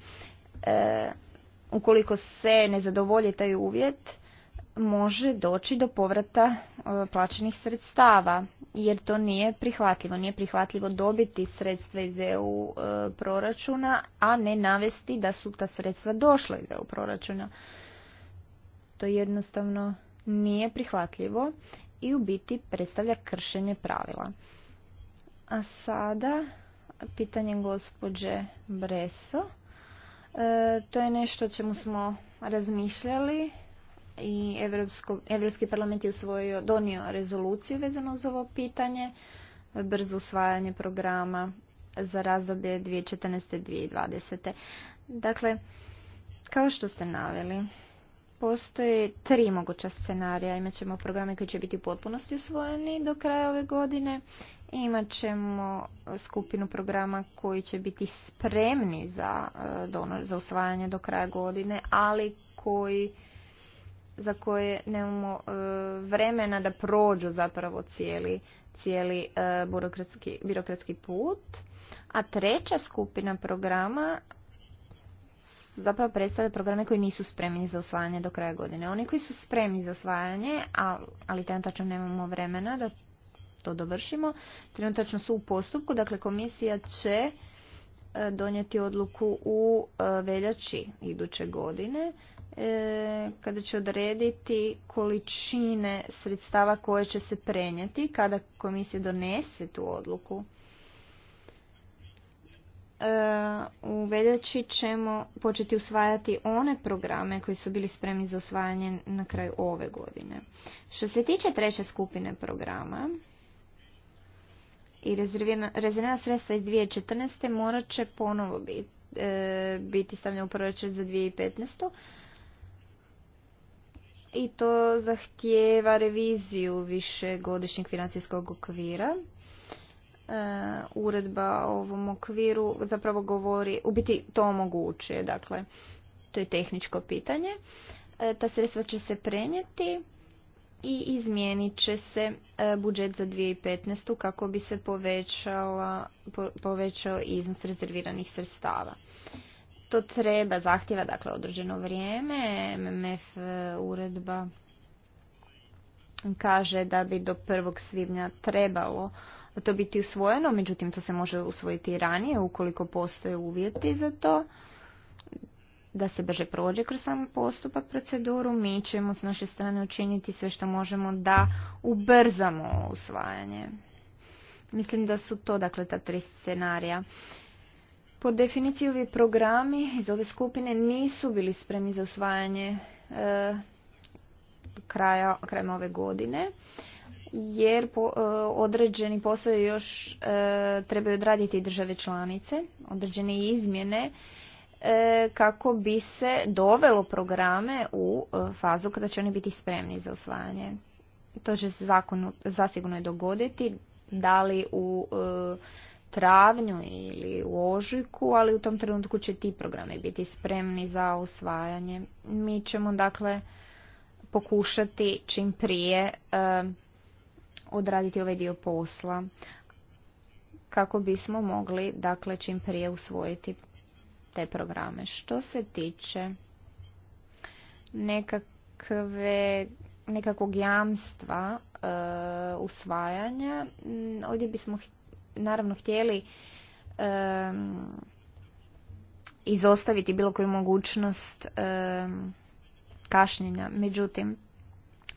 E, ukoliko se ne zadovolji taj uvjet, može doći do povrata e, plaćenih sredstava, jer to nije prihvatljivo. Nije prihvatljivo dobiti sredstva iz EU e, proračuna, a ne navesti da su ta sredstva došla iz EU proračuna. To jednostavno nije prihvatljivo i u biti predstavlja kršenje pravila. A sada pitanje gospođe Breso. E, to je nešto o čemu smo razmišljali i Europski parlament je usvojio, donio rezoluciju vezano uz ovo pitanje, brzo usvajanje programa za razdoblje 2014. i 2020. Dakle, kao što ste naveli, Postoje tri moguća scenarija. Imat ćemo programe koji će biti u potpunosti usvojeni do kraja ove godine. Imat ćemo e, skupinu programa koji će biti spremni e, za, usvajanje do kraja godine, ali koji za koje nemamo e, vremena da prođu zapravo cijeli, cijeli birokratski put. A treća skupina programa zapravo predstave programe koji nisu spremni za usvajanje do kraja godine. Oni koji su spremni za usvajanje, ali trenutačno nemamo vremena da to dovršimo, trenutačno su u postupku, dakle komisija će e, donijeti odluku u e, veljači iduće godine e, kada će odrediti količine sredstava koje će se prenijeti kada komisija donese tu odluku u veljači ćemo početi usvajati one programe koji su bili spremni za usvajanje na kraju ove godine. Što se tiče treće skupine programa i rezervirana sredstva iz 2014. morat će ponovo e, biti, e, stavljeno u proračun za 2015. I to zahtijeva reviziju godišnjeg financijskog okvira E, uredba o ovom okviru zapravo govori, u biti to omogućuje, dakle, to je tehničko pitanje. E, ta sredstva će se prenijeti i izmijenit će se e, budžet za 2015. kako bi se povećao iznos rezerviranih sredstava. To treba, zahtjeva dakle određeno vrijeme, MMF uredba kaže da bi do 1. svibnja trebalo to biti usvojeno, međutim to se može usvojiti i ranije ukoliko postoje uvjeti za to da se brže prođe kroz sam postupak proceduru. Mi ćemo s naše strane učiniti sve što možemo da ubrzamo usvajanje. Mislim da su to dakle ta tri scenarija. Po definiciji ovi programi iz ove skupine nisu bili spremni za usvajanje e, kraja, krajem ove godine jer e, određeni posao još e, trebaju odraditi države članice, određene izmjene e, kako bi se dovelo programe u fazu kada će oni biti spremni za usvajanje. To će se zakonu, zasigurno i dogoditi, da li u travnju ili u ožujku, ali u tom trenutku će ti programi biti spremni za usvajanje. Mi ćemo dakle pokušati čim prije odraditi ovaj dio posla kako bismo mogli dakle čim prije usvojiti te programe. Što se tiče nekakve, nekakvog jamstva e, usvajanja, ovdje bismo naravno htjeli izostaviti bilo koju mogućnost kašnjenja. Međutim,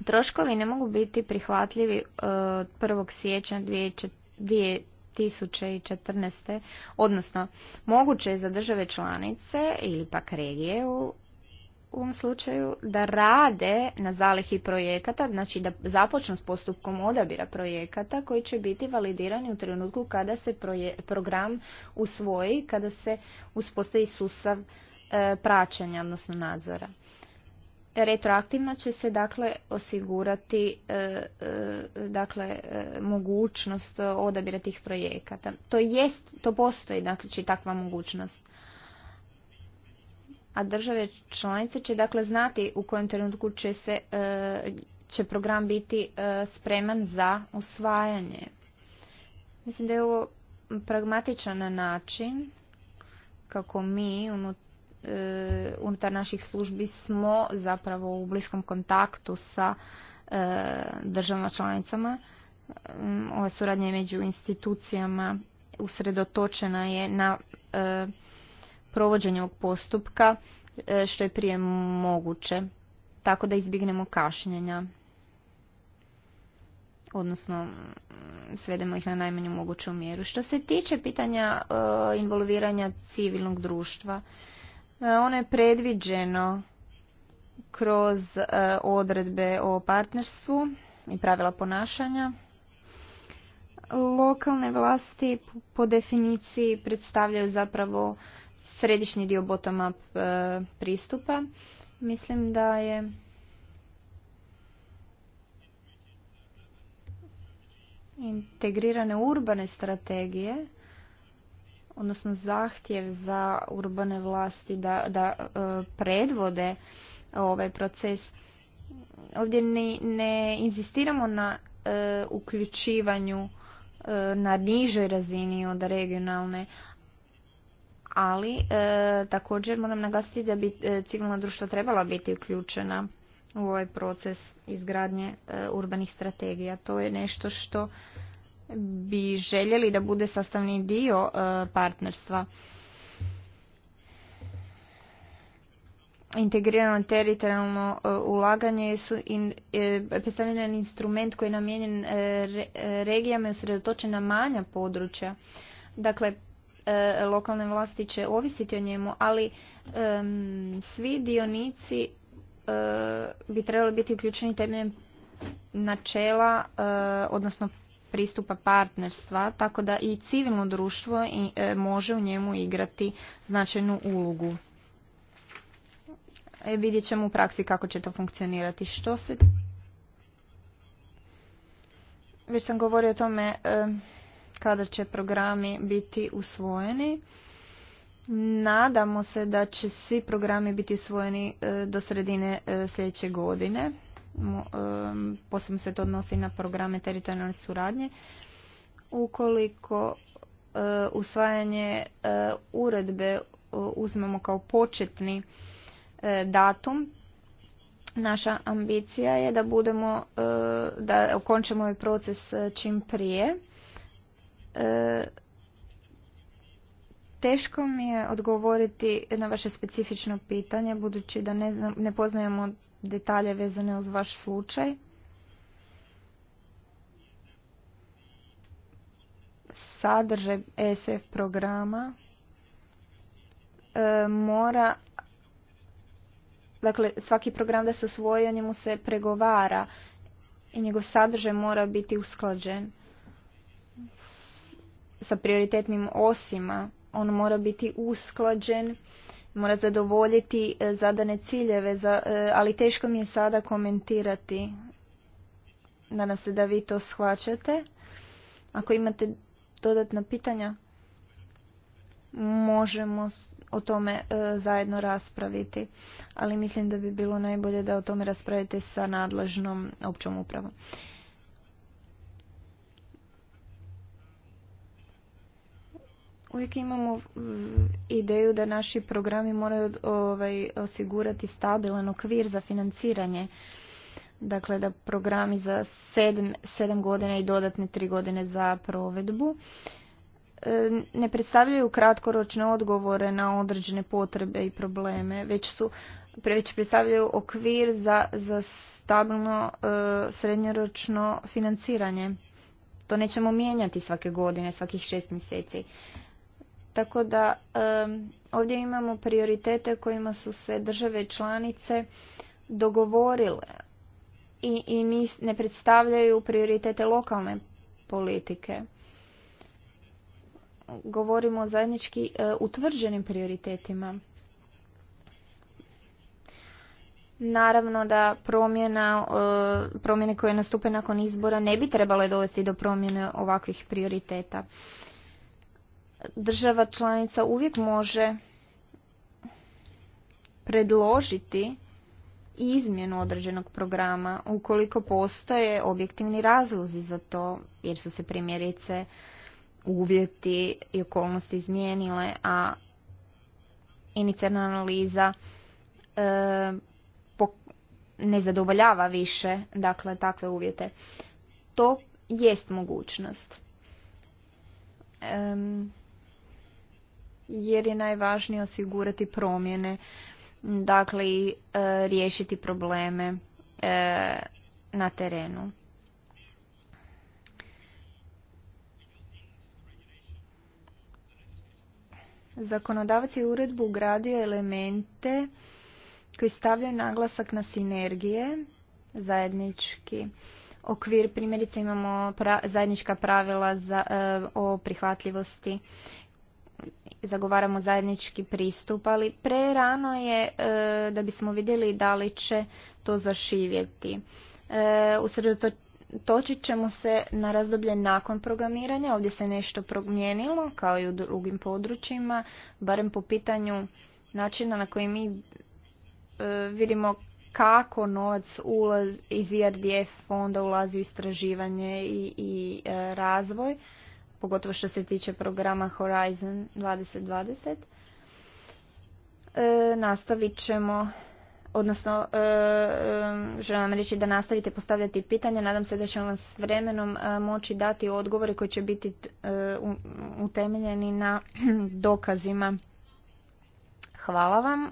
Troškovi ne mogu biti prihvatljivi e, od 1. siječnja 2014. odnosno moguće je za države članice ili pak regije u u ovom slučaju da rade na zalihi projekata, znači da započnu s postupkom odabira projekata koji će biti validirani u trenutku kada se proje, program usvoji, kada se uspostavi sustav e, praćenja, odnosno nadzora retroaktivno će se dakle osigurati e, e, dakle e, mogućnost odabira tih projekata. To jest, to postoji dakle, takva mogućnost. A države članice će dakle znati u kojem trenutku će se će program biti spreman za usvajanje. Mislim da je ovo pragmatičan način kako mi unutar Eh, unutar naših službi smo zapravo u bliskom kontaktu sa eh, državama članicama. Mm, ova suradnja među institucijama usredotočena je na eh, provođenje ovog postupka što je prije moguće, tako da izbignemo kašnjenja, odnosno mm, svedemo ih na najmanju moguću mjeru. Što se tiče pitanja involviranja civilnog društva, E, ono je predviđeno kroz e, odredbe o partnerstvu i pravila ponašanja. Lokalne vlasti po definiciji predstavljaju zapravo središnji dio bottom-up e, pristupa. Mislim da je integrirane urbane strategije odnosno zahtjev za urbane vlasti da, da e, predvode ovaj proces. Ovdje ne, ne inzistiramo na e, uključivanju e, na nižoj razini od regionalne, ali također moram naglasiti da bi civilna društva trebala biti uključena u ovaj proces izgradnje urbanih strategija. To je nešto što bi željeli da bude sastavni dio e, partnerstva. Integrirano teritorijalno e, ulaganje su e, predstavljen instrument koji je namijenjen regijama i usredotočen manja područja. Dakle, lokalne vlasti će ovisiti o njemu, ali svi dionici bi trebali biti uključeni temeljem načela, odnosno pristupa partnerstva, tako da i civilno društvo e, može u njemu igrati značajnu ulogu. E, vidjet ćemo u praksi kako će to funkcionirati. Što se... Već sam govorio o tome e, kada će programi biti usvojeni. Nadamo se da će svi programi biti usvojeni e, do sredine sljedeće godine posebno se to odnosi na programe teritorijalne suradnje, ukoliko e, usvajanje e, uredbe e, uzmemo kao početni datum, naša ambicija je da budemo, da okončamo ovaj proces čim prije. Teško mi je odgovoriti na vaše specifično pitanje, budući da ne, ne poznajemo detalje vezane uz vaš slučaj. Sadržaj ESF programa e, mora dakle svaki program da se osvoji o njemu se pregovara i njegov sadržaj mora biti usklađen sa prioritetnim osima on mora biti usklađen mora zadovoljiti e, zadane ciljeve, e, ali teško mi je sada komentirati. Nadam se da vi to shvaćate. Ako imate dodatna pitanja, možemo o tome e, zajedno raspraviti. Ali mislim da bi bilo najbolje da o tome raspravite sa nadležnom općom upravom. Uvijek imamo ideju da naši programi moraju ovaj, osigurati stabilan okvir za financiranje. Dakle, da programi za sedam, sedam godina i dodatne tri godine za provedbu e, ne predstavljaju kratkoročne odgovore na određene potrebe i probleme, već su već predstavljaju okvir za, za stabilno e, srednjoročno financiranje. To nećemo mijenjati svake godine, svakih šest mjeseci. Tako da ovdje imamo prioritete kojima su se države članice dogovorile i, i ne predstavljaju prioritete lokalne politike. Govorimo o zajednički e, utvrđenim prioritetima. Naravno da promjena, e, promjene koje nastupe nakon izbora ne bi trebale dovesti do promjene ovakvih prioriteta država članica uvijek može predložiti izmjenu određenog programa ukoliko postoje objektivni razlozi za to jer su se primjerice uvjeti i okolnosti izmijenile, a inicijalna analiza e, ne zadovoljava više dakle takve uvjete. To jest mogućnost jer je najvažnije osigurati promjene, dakle i e, riješiti probleme e, na terenu. Zakonodavac je uredbu ugradio elemente koji stavljaju naglasak na sinergije zajednički okvir primjerice imamo zajednička pravila za, e, o prihvatljivosti zagovaramo zajednički pristup, ali pre rano je e, da bismo vidjeli da li će to zašivjeti. E, usredotočit ćemo se na razdoblje nakon programiranja, ovdje se nešto promijenilo kao i u drugim područjima, barem po pitanju načina na koji mi e, vidimo kako novac ulaz iz IRDF fonda ulazi u istraživanje i razvoj pogotovo što se tiče programa Horizon 2020. E, nastavit ćemo, odnosno e, e, želim vam reći da nastavite postavljati pitanja. Nadam se da ćemo vam s vremenom e, moći dati odgovore koji će biti utemeljeni na dokazima. Hvala vam.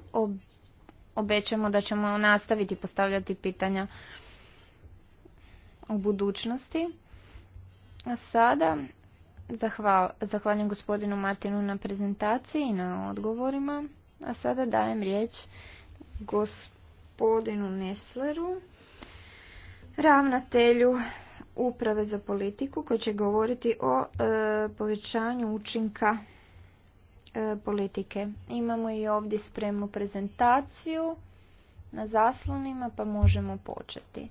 Obećamo da ćemo nastaviti postavljati pitanja u budućnosti. A sada Zahval, zahvaljujem gospodinu Martinu na prezentaciji i na odgovorima. A sada dajem riječ gospodinu Nesleru, ravnatelju uprave za politiku koji će govoriti o e, povećanju učinka e, politike. Imamo i ovdje spremnu prezentaciju na zaslonima pa možemo početi.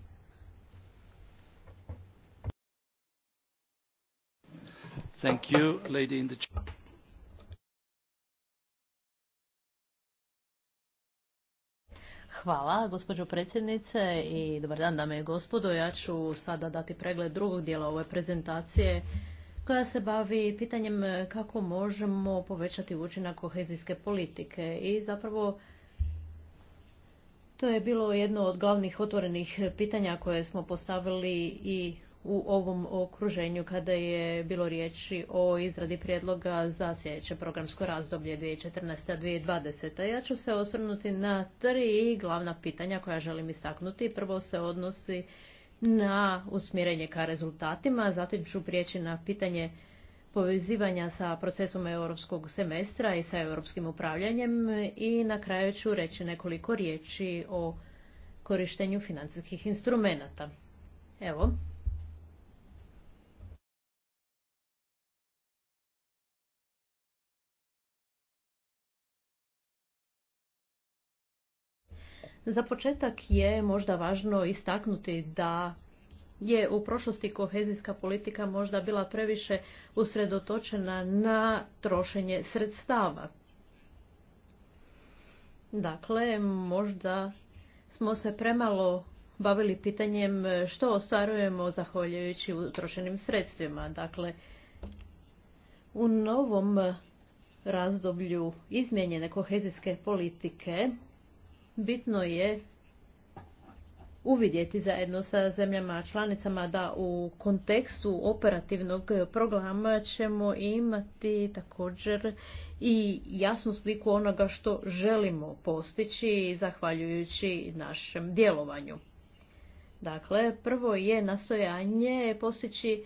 Hvala, gospođo predsjednice i dobar dan, dame i gospodo. Ja ću sada dati pregled drugog dijela ove prezentacije koja se bavi pitanjem kako možemo povećati učinak kohezijske politike i zapravo to je bilo jedno od glavnih otvorenih pitanja koje smo postavili i u ovom okruženju kada je bilo riječi o izradi prijedloga za sljedeće programsko razdoblje 2014-2020. Ja ću se osvrnuti na tri glavna pitanja koja želim istaknuti. Prvo se odnosi na usmjerenje ka rezultatima, zatim ću prijeći na pitanje povezivanja sa procesom europskog semestra i sa europskim upravljanjem i na kraju ću reći nekoliko riječi o korištenju financijskih instrumenata. Evo, Za početak je možda važno istaknuti da je u prošlosti kohezijska politika možda bila previše usredotočena na trošenje sredstava. Dakle, možda smo se premalo bavili pitanjem što ostvarujemo zahvaljujući utrošenim sredstvima. Dakle, u novom razdoblju izmjenjene kohezijske politike bitno je uvidjeti zajedno sa zemljama članicama da u kontekstu operativnog programa ćemo imati također i jasnu sliku onoga što želimo postići zahvaljujući našem djelovanju. Dakle, prvo je nastojanje postići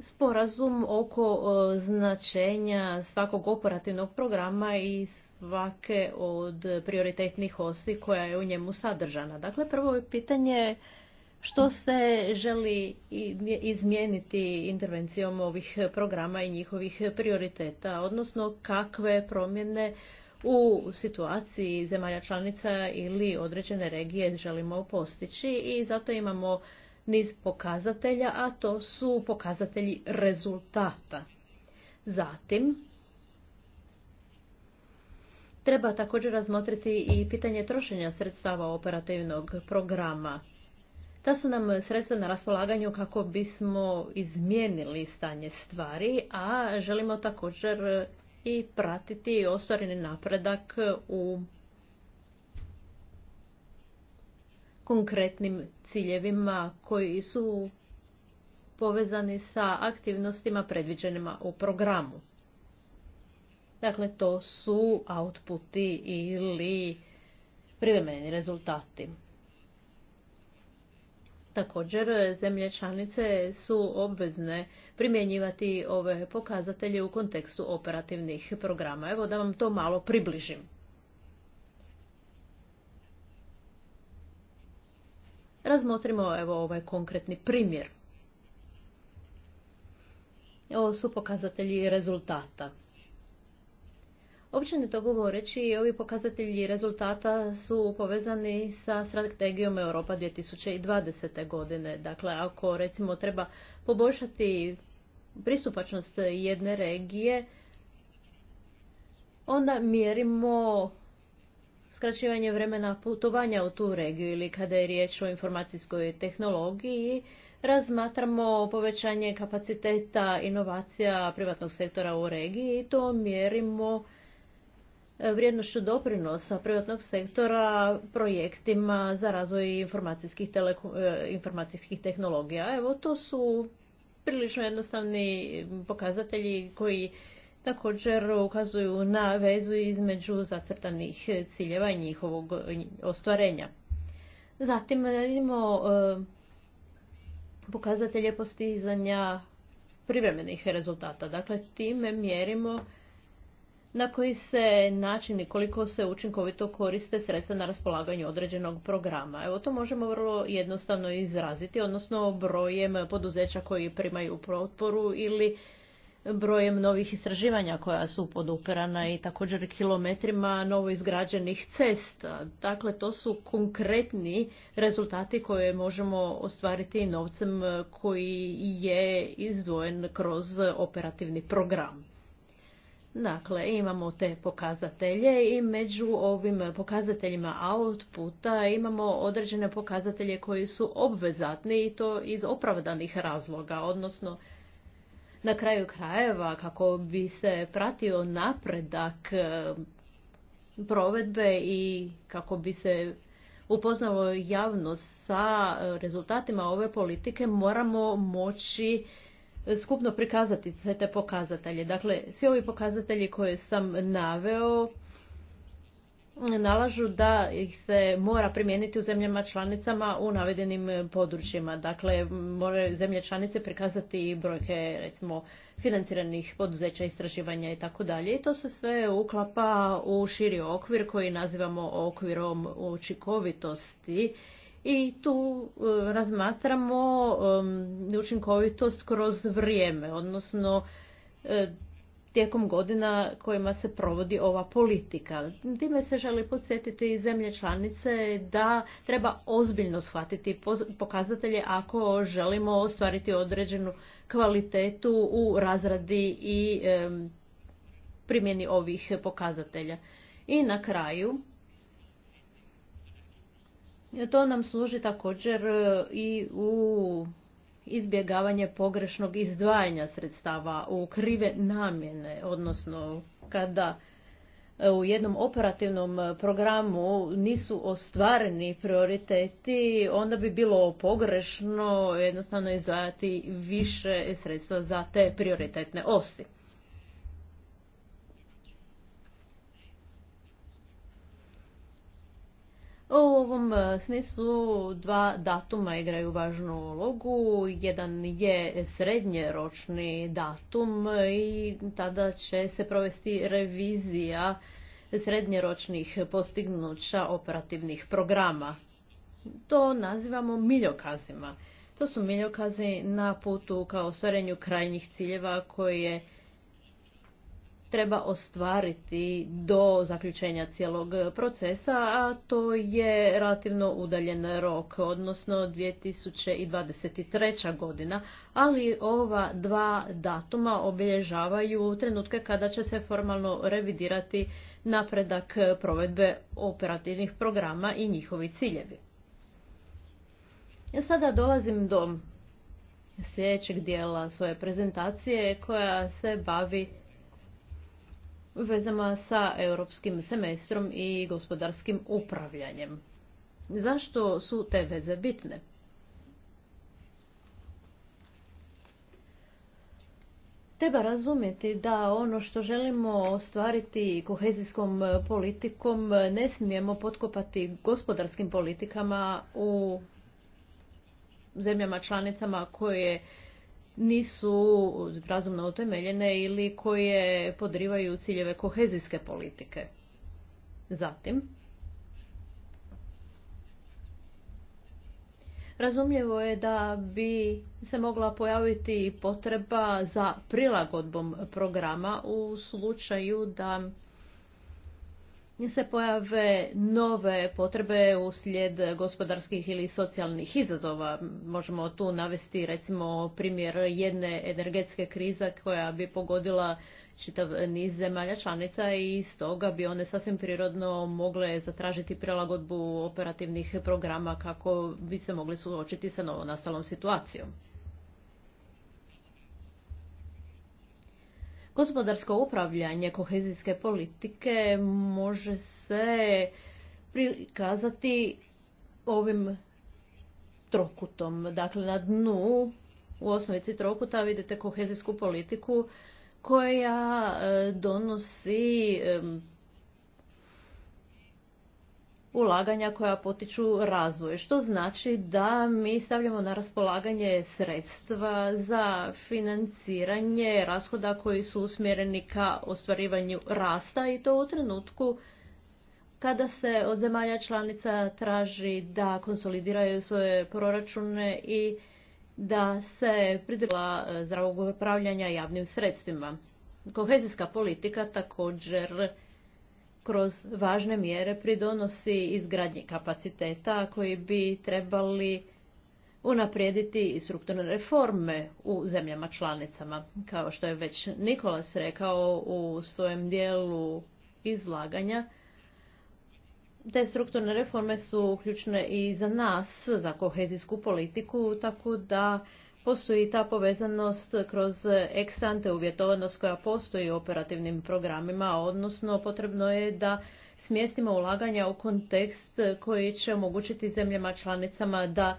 sporazum oko e, značenja svakog operativnog programa i svake od prioritetnih osi koja je u njemu sadržana. Dakle, prvo je pitanje što se želi izmijeniti intervencijom ovih programa i njihovih prioriteta, odnosno kakve promjene u situaciji zemalja članica ili određene regije želimo postići i zato imamo niz pokazatelja, a to su pokazatelji rezultata. Zatim, Treba također razmotriti i pitanje trošenja sredstava operativnog programa. Ta su nam sredstva na raspolaganju kako bismo izmijenili stanje stvari, a želimo također i pratiti ostvareni napredak u konkretnim ciljevima koji su povezani sa aktivnostima predviđenima u programu. Dakle, to su outputi ili privremeni rezultati. Također, zemlje članice su obvezne primjenjivati ove pokazatelje u kontekstu operativnih programa. Evo da vam to malo približim. Razmotrimo evo ovaj konkretni primjer. Ovo su pokazatelji rezultata. Općenito govoreći, ovi pokazatelji rezultata su povezani sa strategijom Europa 2020. godine. Dakle, ako recimo treba poboljšati pristupačnost jedne regije, onda mjerimo skraćivanje vremena putovanja u tu regiju ili kada je riječ o informacijskoj tehnologiji, razmatramo povećanje kapaciteta inovacija privatnog sektora u regiji i to mjerimo vrijednošću doprinosa privatnog sektora projektima za razvoj informacijskih, e, informacijskih tehnologija. Evo, to su prilično jednostavni pokazatelji koji također ukazuju na vezu između zacrtanih ciljeva i njihovog ostvarenja. Zatim vidimo e, pokazatelje postizanja privremenih rezultata. Dakle, time mjerimo na koji se način i koliko se učinkovito koriste sredstva na raspolaganju određenog programa. Evo to možemo vrlo jednostavno izraziti, odnosno brojem poduzeća koji primaju potporu ili brojem novih istraživanja koja su podupirana i također kilometrima novoizgrađenih cesta. Dakle, to su konkretni rezultati koje možemo ostvariti novcem koji je izdvojen kroz operativni program. Dakle, imamo te pokazatelje i među ovim pokazateljima outputa imamo određene pokazatelje koji su obvezatni i to iz opravdanih razloga, odnosno na kraju krajeva kako bi se pratio napredak e, provedbe i kako bi se upoznalo javnost sa e, rezultatima ove politike moramo moći skupno prikazati sve te pokazatelje. Dakle, svi ovi pokazatelji koje sam naveo nalažu da ih se mora primijeniti u zemljama članicama u navedenim područjima. Dakle, moraju zemlje članice prikazati i brojke recimo financiranih poduzeća, istraživanja i tako dalje. I to se sve uklapa u širi okvir koji nazivamo okvirom učinkovitosti i tu e, razmatramo učinkovitost kroz vrijeme, odnosno e, tijekom godina kojima se provodi ova politika. Time se želi podsjetiti zemlje članice da treba ozbiljno shvatiti pokazatelje ako želimo ostvariti određenu kvalitetu u razradi i primjeni ovih pokazatelja. I na kraju, to nam služi također e, i u izbjegavanje pogrešnog izdvajanja sredstava u krive namjene, odnosno kada e, u jednom operativnom programu nisu ostvareni prioriteti, onda bi bilo pogrešno jednostavno izdvajati više sredstva za te prioritetne osi. U ovom e, smislu dva datuma igraju važnu ulogu. Jedan je srednjeročni datum i tada će se provesti revizija srednjeročnih postignuća operativnih programa. To nazivamo miljokazima. To su miljokazi na putu kao ostvarenju krajnjih ciljeva koje treba ostvariti do zaključenja cijelog procesa, a to je relativno udaljen rok, odnosno 2023. godina, ali ova dva datuma obilježavaju trenutke kada će se formalno revidirati napredak provedbe operativnih programa i njihovi ciljevi. Ja sada dolazim do sljedećeg dijela svoje prezentacije koja se bavi vezama sa europskim semestrom i gospodarskim upravljanjem. Zašto su te veze bitne? Treba razumjeti da ono što želimo ostvariti kohezijskom politikom ne smijemo potkopati gospodarskim politikama u zemljama članicama koje nisu razumno utemeljene ili koje podrivaju ciljeve kohezijske politike. Zatim, razumljivo je da bi se mogla pojaviti potreba za prilagodbom programa u slučaju da se pojave nove potrebe uslijed gospodarskih ili socijalnih izazova. Možemo tu navesti recimo primjer jedne energetske krize koja bi pogodila čitav niz zemalja članica i stoga bi one sasvim prirodno mogle zatražiti prilagodbu operativnih programa kako bi se mogli suočiti sa novonastalom situacijom. Gospodarsko upravljanje kohezijske politike može se prikazati ovim trokutom. Dakle, na dnu u osnovici trokuta vidite kohezijsku politiku koja e, donosi ulaganja koja potiču razvoj, što znači da mi stavljamo na raspolaganje sredstva za financiranje rashoda koji su usmjereni ka ostvarivanju rasta i to u trenutku kada se od zemalja članica traži da konsolidiraju svoje proračune i da se pridržava eh, zdravog upravljanja javnim sredstvima. Kohezijska politika također kroz važne mjere pridonosi izgradnji kapaciteta koji bi trebali unaprijediti i strukturne reforme u zemljama članicama. Kao što je već Nikolas rekao u svojem dijelu izlaganja, te strukturne reforme su ključne i za nas, za kohezijsku politiku, tako da postoji ta povezanost kroz eksante uvjetovanost koja postoji u operativnim programima, odnosno potrebno je da smjestimo ulaganja u kontekst koji će omogućiti zemljama članicama da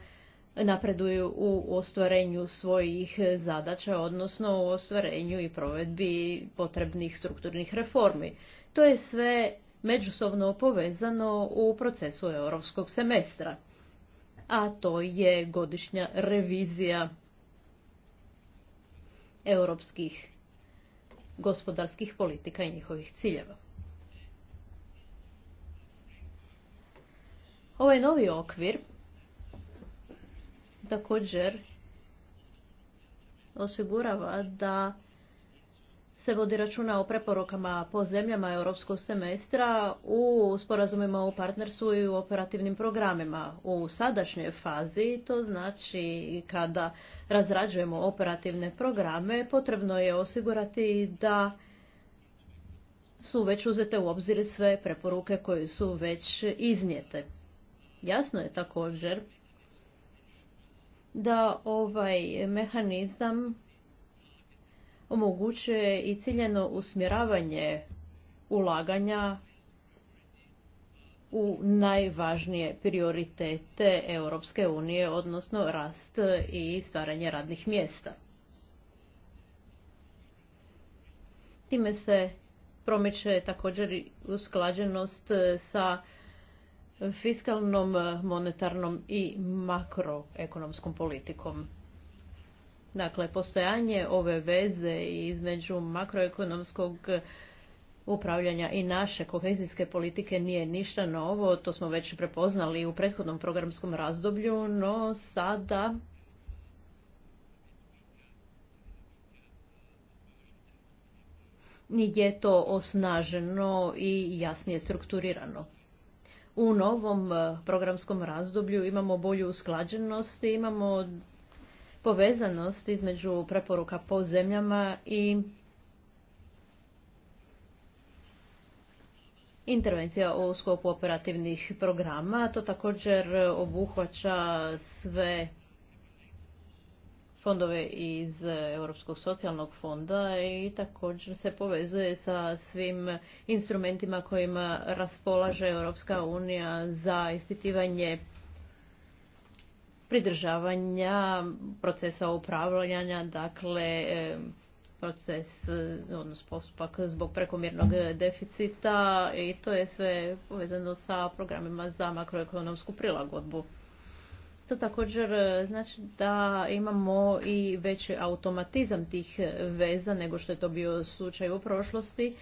napreduju u ostvarenju svojih zadaća, odnosno u ostvarenju i provedbi potrebnih strukturnih reformi. To je sve međusobno povezano u procesu europskog semestra, a to je godišnja revizija europskih gospodarskih politika i njihovih ciljeva. Ovaj novi okvir također osigurava da se vodi računa o preporukama po zemljama europskog semestra u sporazumima u partnerstvu i u operativnim programima. U sadašnjoj fazi, to znači kada razrađujemo operativne programe, potrebno je osigurati da su već uzete u obzir sve preporuke koje su već iznijete. Jasno je također da ovaj mehanizam omogućuje i ciljeno usmjeravanje ulaganja u najvažnije prioritete Europske unije, odnosno rast i stvaranje radnih mjesta. Time se promiče također usklađenost sa fiskalnom, monetarnom i makroekonomskom politikom. Dakle, postojanje ove veze između makroekonomskog upravljanja i naše kohezijske politike nije ništa novo, to smo već prepoznali u prethodnom programskom razdoblju, no sada je to osnaženo i jasnije strukturirano. U novom programskom razdoblju imamo bolju usklađenost, imamo povezanost između preporuka po zemljama i intervencija u sklopu operativnih programa. To također obuhvaća sve fondove iz Europskog socijalnog fonda i također se povezuje sa svim instrumentima kojima raspolaže Europska unija za ispitivanje pridržavanja procesa upravljanja, dakle proces, odnos postupak zbog prekomjernog deficita i to je sve povezano sa programima za makroekonomsku prilagodbu. To također e, znači da imamo i veći automatizam tih veza nego što je to bio slučaj u prošlosti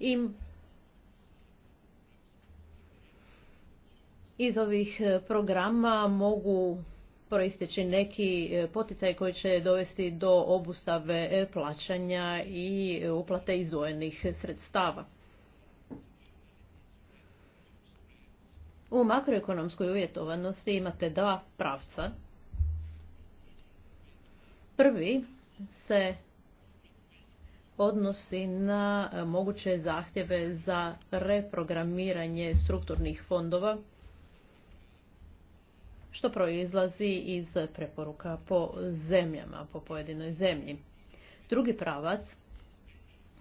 i iz ovih programa mogu proisteći neki e, poticaj koji će dovesti do obustave e, plaćanja i e, uplate izvojenih sredstava. U makroekonomskoj uvjetovanosti imate dva pravca. Prvi se odnosi na moguće zahtjeve za reprogramiranje strukturnih fondova što proizlazi iz preporuka po zemljama, po pojedinoj zemlji. Drugi pravac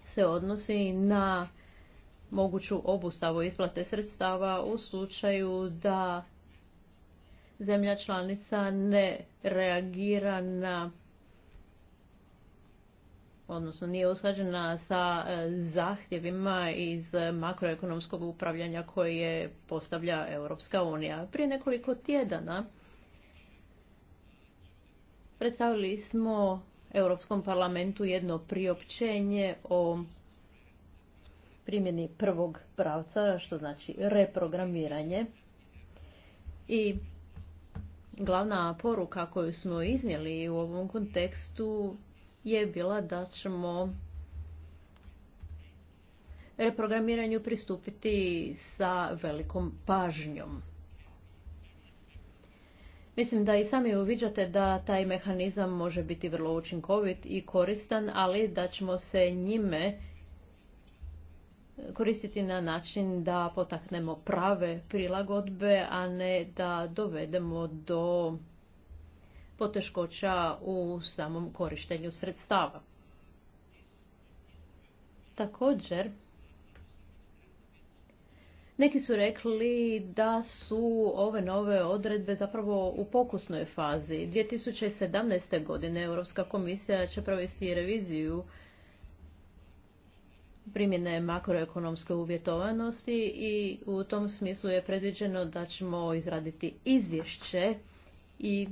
se odnosi na moguću obustavu isplate sredstava u slučaju da zemlja članica ne reagira na odnosno nije usklađena sa e, zahtjevima iz e, makroekonomskog upravljanja koje postavlja Europska unija. Prije nekoliko tjedana predstavili smo Europskom parlamentu jedno priopćenje o primjeni prvog pravca, što znači reprogramiranje. I glavna poruka koju smo iznijeli u ovom kontekstu je bila da ćemo reprogramiranju pristupiti sa velikom pažnjom. Mislim da i sami uviđate da taj mehanizam može biti vrlo učinkovit i koristan, ali da ćemo se njime koristiti na način da potaknemo prave prilagodbe, a ne da dovedemo do poteškoća u samom korištenju sredstava. Također, neki su rekli da su ove nove odredbe zapravo u pokusnoj fazi. 2017. godine Europska komisija će provesti reviziju primjene makroekonomske uvjetovanosti i u tom smislu je predviđeno da ćemo izraditi izvješće i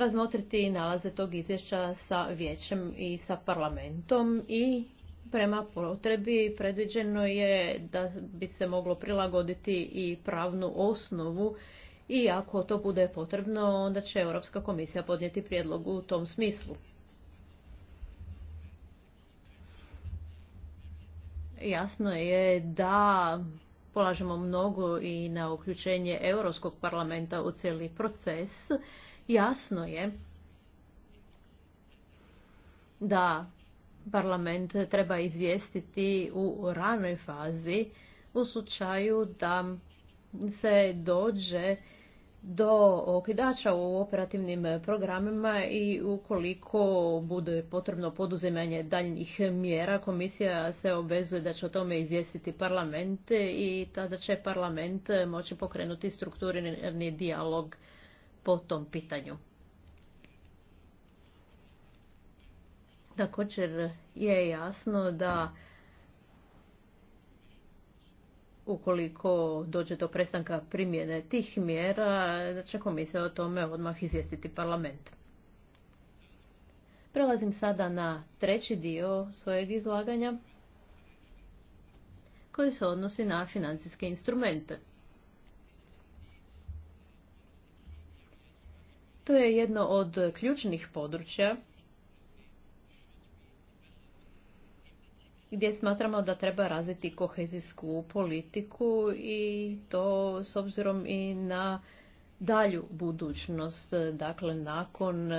razmotriti nalaze tog izvješća sa vijećem i sa parlamentom i prema potrebi predviđeno je da bi se moglo prilagoditi i pravnu osnovu i ako to bude potrebno onda će Europska komisija podnijeti prijedlog u tom smislu. Jasno je da polažemo mnogo i na uključenje Europskog parlamenta u cijeli proces Jasno je da parlament treba izvijestiti u ranoj fazi u slučaju da se dođe do okidača u operativnim programima i ukoliko bude potrebno poduzimanje daljnjih mjera, komisija se obvezuje da će o tome izvijestiti parlament i tada će parlament moći pokrenuti strukturni dijalog po tom pitanju. Također je jasno da ukoliko dođe do prestanka primjene tih mjera, da će komisija o tome odmah izvijestiti parlament. Prelazim sada na treći dio svojeg izlaganja koji se odnosi na financijske instrumente. To je jedno od ključnih područja gdje smatramo da treba razviti kohezijsku politiku i to s obzirom i na dalju budućnost, dakle nakon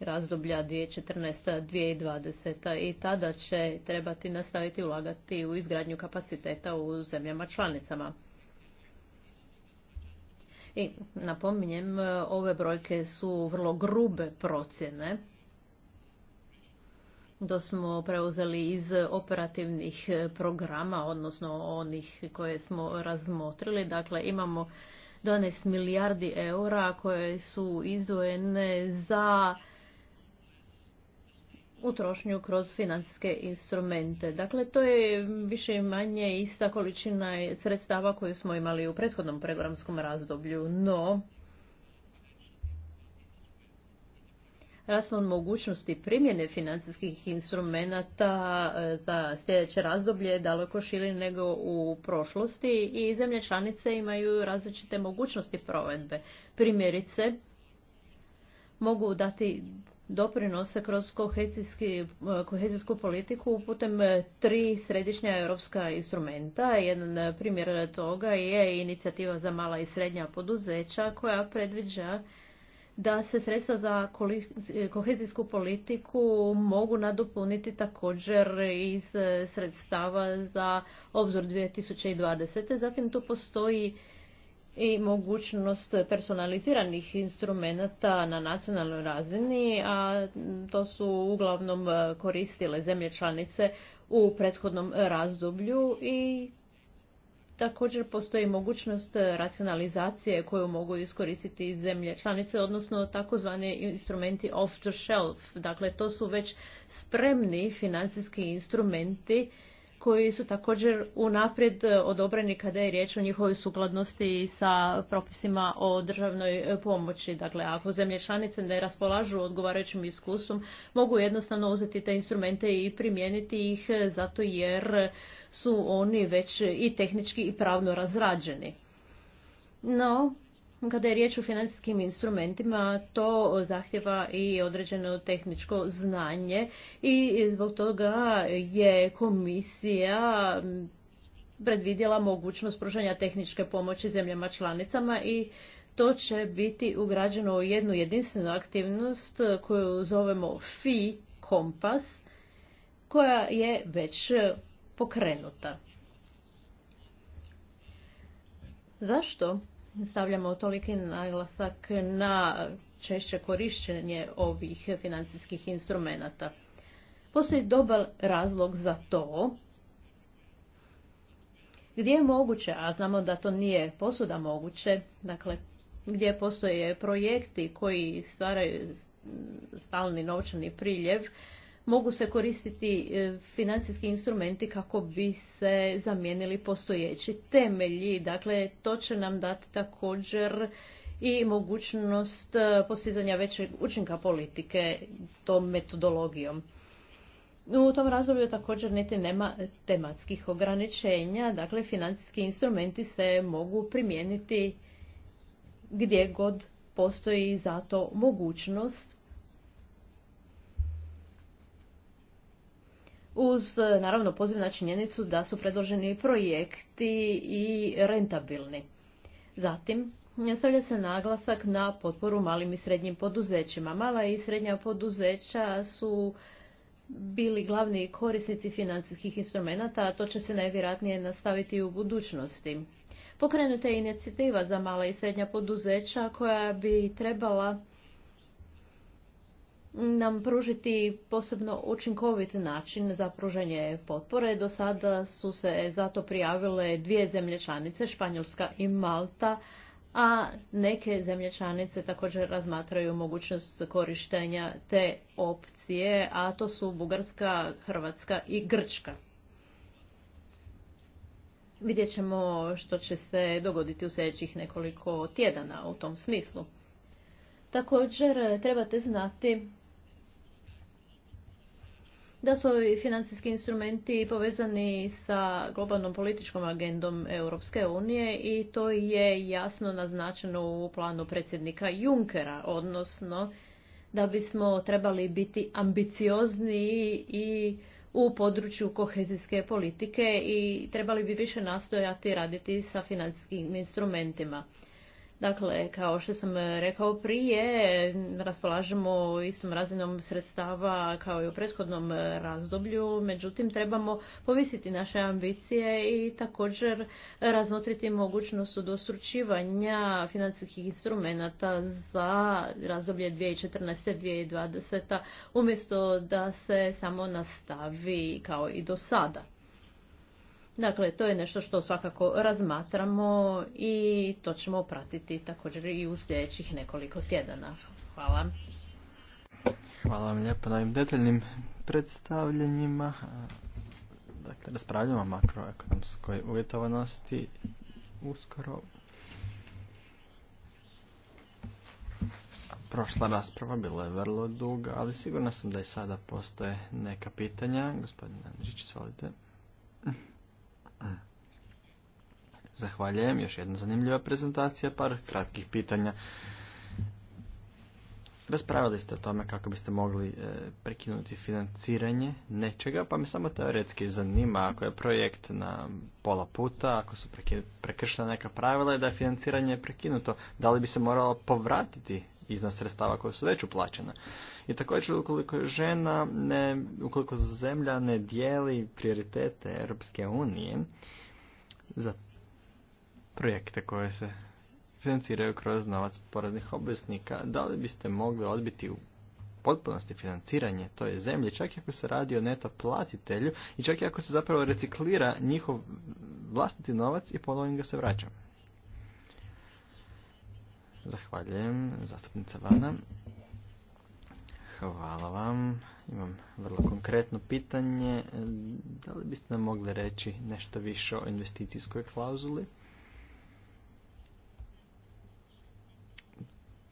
razdoblja 2014-2020 i tada će trebati nastaviti ulagati u izgradnju kapaciteta u zemljama članicama. I napominjem, e, ove brojke su vrlo grube procjene. da smo preuzeli iz operativnih e, programa, odnosno onih koje smo razmotrili. Dakle, imamo 12 milijardi eura koje su izdvojene za utrošnju kroz financijske instrumente. Dakle, to je više i manje ista količina sredstava koju smo imali u prethodnom programskom razdoblju, no raspon mogućnosti primjene financijskih instrumenata e, za sljedeće razdoblje je daleko širi nego u prošlosti i zemlje članice imaju različite mogućnosti provedbe. Primjerice, mogu dati doprinose kroz eh, kohezijsku politiku putem eh, tri središnja europska instrumenta. Jedan eh, primjer toga je inicijativa za mala i srednja poduzeća koja predviđa da se sredstva za kohezijsku politiku mogu nadopuniti također iz sredstava za obzor 2020. Zatim tu postoji i mogućnost personaliziranih instrumenata na nacionalnoj razini, a to su uglavnom e, koristile zemlje članice u prethodnom razdoblju i također postoji mogućnost racionalizacije koju mogu iskoristiti zemlje članice, odnosno takozvani instrumenti off the shelf. Dakle, to su već spremni financijski instrumenti koji su također unaprijed e, odobreni kada je riječ o njihovoj sukladnosti sa propisima o državnoj pomoći. Dakle, ako zemlje članice ne raspolažu odgovarajućim iskustvom, mogu jednostavno uzeti te instrumente i primijeniti ih e, zato jer su oni već i tehnički i pravno razrađeni. No, kada je riječ o financijskim instrumentima, to zahtjeva i određeno tehničko znanje i zbog toga je komisija predvidjela mogućnost pružanja tehničke pomoći zemljama članicama i to će biti ugrađeno u jednu jedinstvenu aktivnost koju zovemo FI kompas koja je već pokrenuta. Zašto? stavljamo toliki naglasak na češće korištenje ovih financijskih instrumenata. Postoji dobar razlog za to, gdje je moguće, a znamo da to nije posuda moguće, dakle, gdje postoje projekti koji stvaraju stalni novčani priljev, mogu se koristiti e, financijski instrumenti kako bi se zamijenili postojeći temelji. Dakle, to će nam dati također i mogućnost e, postizanja većeg učinka politike tom metodologijom. U tom razdoblju također niti nema tematskih ograničenja, dakle financijski instrumenti se mogu primijeniti gdje god postoji za to mogućnost uz e, naravno poziv na činjenicu da su predloženi projekti i rentabilni. Zatim, stavlja se naglasak na potporu malim i srednjim poduzećima. Mala i srednja poduzeća su bili glavni korisnici financijskih instrumenata, a to će se najvjerojatnije nastaviti u budućnosti. Pokrenuta je inicijativa za mala i srednja poduzeća koja bi trebala nam pružiti posebno učinkovit način za pruženje potpore. Do sada su se zato prijavile dvije zemlje članice, Španjolska i Malta, a neke zemlje članice također razmatraju mogućnost korištenja te opcije, a to su Bugarska, Hrvatska i Grčka. Vidjet ćemo što će se dogoditi u sljedećih nekoliko tjedana u tom smislu. Također trebate znati da su ovi financijski instrumenti povezani sa globalnom političkom agendom Europske unije i to je jasno naznačeno u planu predsjednika Junckera, odnosno da bismo trebali biti ambiciozniji i u području kohezijske politike i trebali bi više nastojati raditi sa financijskim instrumentima. Dakle, kao što sam e, rekao prije, raspolažemo istom razinom sredstava kao i u prethodnom e, razdoblju, međutim trebamo povisiti naše ambicije i također razmotriti mogućnost odostručivanja financijskih instrumenata za razdoblje 2014-2020 umjesto da se samo nastavi kao i do sada. Dakle, to je nešto što svakako razmatramo i to ćemo pratiti također i u sljedećih nekoliko tjedana. Hvala. Hvala vam lijepo na ovim detaljnim predstavljanjima. Dakle, raspravljamo o makroekonomskoj uvjetovanosti uskoro. Prošla rasprava bila je vrlo duga, ali sigurna sam da i sada postoje neka pitanja. Gospodine Andrić, Zahvaljujem, još jedna zanimljiva prezentacija, par kratkih pitanja. Raspravili ste o tome kako biste mogli e, prekinuti financiranje nečega, pa me samo teoretski zanima ako je projekt na pola puta, ako su prekršena neka pravila i da je financiranje prekinuto, da li bi se moralo povratiti iznos sredstava koje su već uplaćene. I također ukoliko žena, ne, ukoliko zemlja ne dijeli prioritete Europske unije za projekte koje se financiraju kroz novac poraznih obveznika, da li biste mogli odbiti u potpunosti financiranje toj zemlji, čak i ako se radi o neto platitelju i čak i ako se zapravo reciklira njihov vlastiti novac i ponovno ga se vraća. Zahvaljujem, zastupnica Vana. Hvala vam. Imam vrlo konkretno pitanje. Da li biste nam mogli reći nešto više o investicijskoj klauzuli?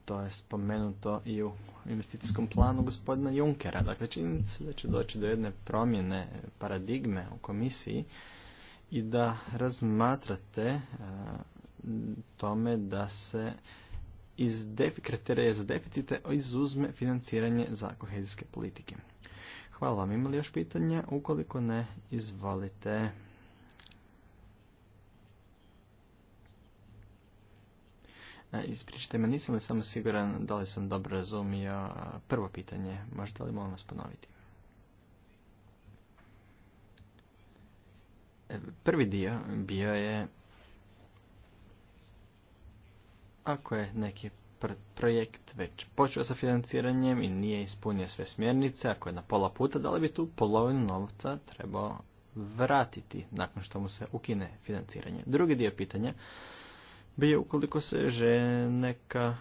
To je spomenuto i u investicijskom planu gospodina Junkera. Dakle, čini se da će doći do jedne promjene paradigme u komisiji i da razmatrate e, tome da se iz kriterija za deficite izuzme financiranje za kohezijske politike. Hvala vam. Imali još pitanja? Ukoliko ne, izvolite. E, Ispričite me, nisam li samo siguran da li sam dobro razumio prvo pitanje. Možete li molim vas ponoviti? E, prvi dio bio je ako je neki projekt već počeo sa financiranjem i nije ispunio sve smjernice, ako je na pola puta, da li bi tu polovinu novca trebao vratiti nakon što mu se ukine financiranje. Drugi dio pitanja bi je ukoliko se že neka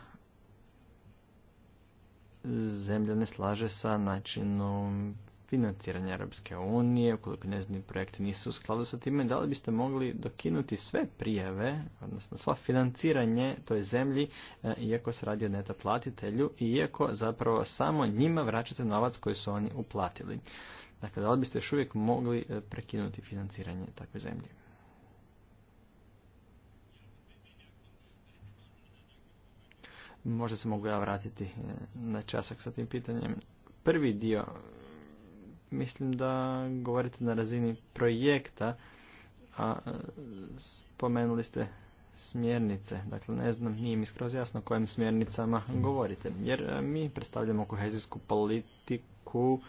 zemlja ne slaže sa načinom financiranja Europske unije, ukoliko njezini projekti nisu u skladu sa time, da li biste mogli dokinuti sve prijave, odnosno sva financiranje toj zemlji, eh, iako se radi o neta platitelju, iako zapravo samo njima vraćate novac koji su oni uplatili. Dakle, da li biste još uvijek mogli eh, prekinuti financiranje takve zemlje? Možda se mogu ja vratiti eh, na časak sa tim pitanjem. Prvi dio mislim da govorite na razini projekta, a e, spomenuli ste smjernice. Dakle, ne znam, nije mi skroz jasno o kojim smjernicama govorite. Jer e, mi predstavljamo kohezijsku politiku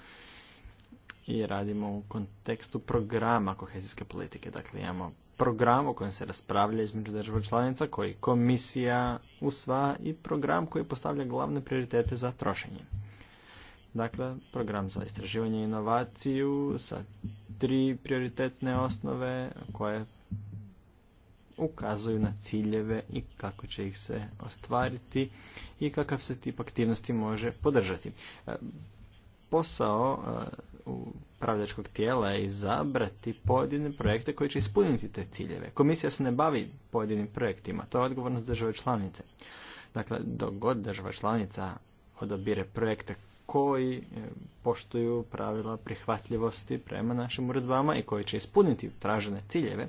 i radimo u kontekstu programa kohezijske politike. Dakle, imamo program o kojem se raspravlja između država članica koji komisija usva i program koji postavlja glavne prioritete za trošenje. Dakle, program za istraživanje i inovaciju sa tri prioritetne osnove koje ukazuju na ciljeve i kako će ih se ostvariti i kakav se tip aktivnosti može podržati. E, posao e, upravljačkog tijela je izabrati pojedine projekte koji će ispuniti te ciljeve. Komisija se ne bavi pojedinim projektima, to je odgovornost države članice. Dakle, dok god država članica odabire projekte koji e, poštuju pravila prihvatljivosti prema našim uredbama i koji će ispuniti tražene ciljeve, e,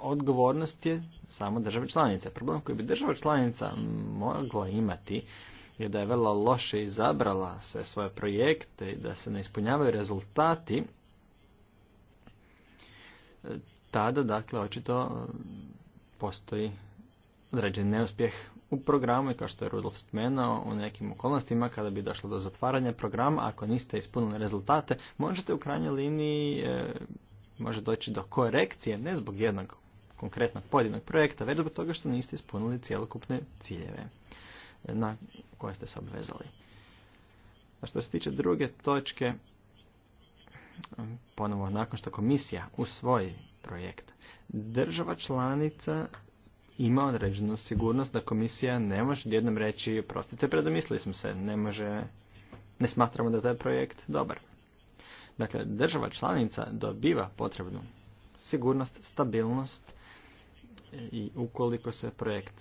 odgovornost je samo države članice. Problem koji bi država članica mogla imati je da je vrlo loše izabrala sve svoje projekte i da se ne ispunjavaju rezultati, e, tada, dakle, očito postoji određeni neuspjeh u programu i kao što je Rudolf spomenuo, u nekim okolnostima kada bi došlo do zatvaranja programa, ako niste ispunili rezultate, možete u krajnjoj liniji e, može doći do korekcije, ne zbog jednog konkretnog pojedinog projekta, već zbog toga što niste ispunili cjelokupne ciljeve e, na koje ste se obvezali. A što se tiče druge točke, ponovo nakon što komisija usvoji projekt, država članica ima određenu sigurnost da komisija ne može jednom reći prostite predomislili smo se, ne može, ne smatramo da taj projekt dobar. Dakle, država članica dobiva potrebnu sigurnost, stabilnost i ukoliko se projekt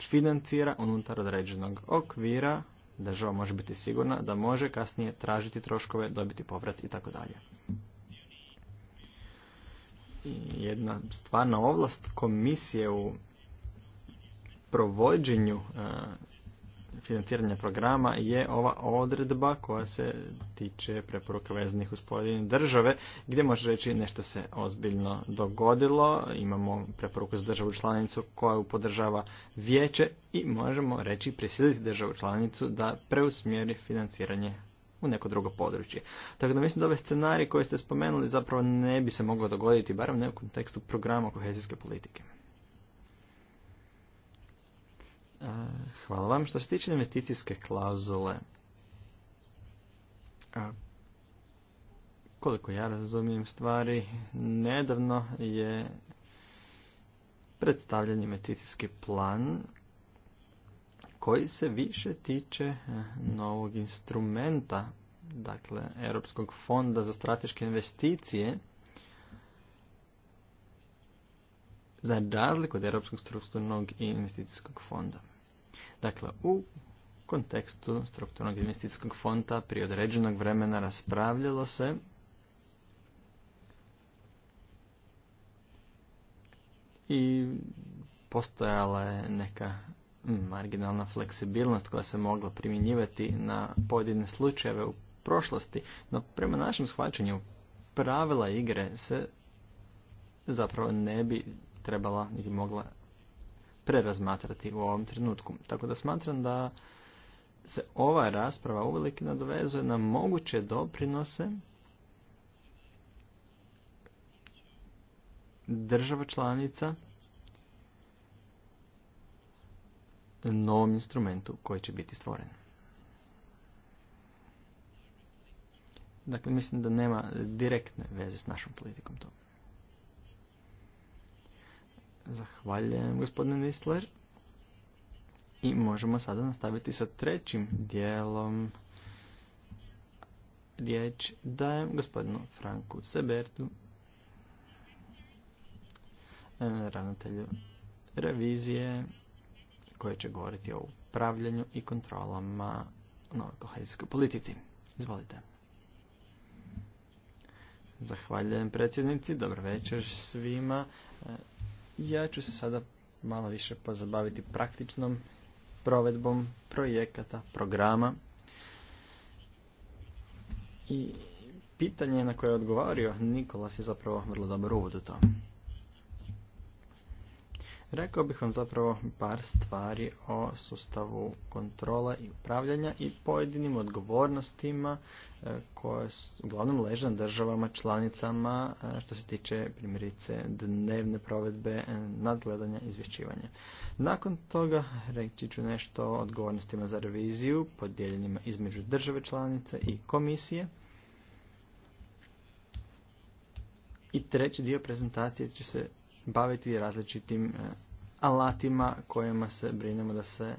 financira unutar određenog okvira, država može biti sigurna da može kasnije tražiti troškove, dobiti povrat i tako dalje. Jedna stvarna ovlast komisije u provođenju e, financiranja programa je ova odredba koja se tiče preporuka vezanih uz pojedine države, gdje može reći nešto se ozbiljno dogodilo, imamo preporuku za državu članicu koja podržava vijeće i možemo reći prisiliti državu članicu da preusmjeri financiranje u neko drugo područje. Tako da mislim da ovaj scenarij koji ste spomenuli zapravo ne bi se mogao dogoditi, barem ne u kontekstu programa kohezijske politike. E, hvala vam. Što se tiče investicijske klauzule, e, koliko ja razumijem stvari, nedavno je predstavljen investicijski plan koji se više tiče e, novog instrumenta, dakle, Europskog fonda za strateške investicije, za razliku od Europskog strukturnog i investicijskog fonda. Dakle, u kontekstu strukturnog investicijskog fonda prije određenog vremena raspravljalo se i postojala je neka marginalna fleksibilnost koja se mogla primjenjivati na pojedine slučajeve u prošlosti, no prema našem shvaćanju pravila igre se zapravo ne bi trebala niti mogla prerazmatrati u ovom trenutku. Tako da smatram da se ova rasprava uvelike nadovezuje na moguće doprinose država članica novom instrumentu koji će biti stvoren. Dakle, mislim da nema direktne veze s našom politikom toga. Zahvaljujem gospodine Nistler. I možemo sada nastaviti sa trećim dijelom. Riječ dajem gospodinu Franku Sebertu, e, ravnatelju revizije, koji će govoriti o upravljanju i kontrolama novoj kohezijskoj politici. Izvolite. Zahvaljujem predsjednici, dobro večer svima. E, ja ću se sada malo više pozabaviti praktičnom provedbom projekata, programa i pitanje na koje je odgovorio Nikolas je zapravo vrlo dobro uvod to. Rekao bih vam zapravo par stvari o sustavu kontrola i upravljanja i pojedinim odgovornostima e, koje uglavnom leže na državama članicama e, što se tiče primjerice dnevne provedbe, e, nadgledanja, izvješćivanja. Nakon toga reći ću nešto o odgovornostima za reviziju, podijeljenima između države članice i komisije. I treći dio prezentacije će se baviti različitim e, alatima kojima se brinemo da se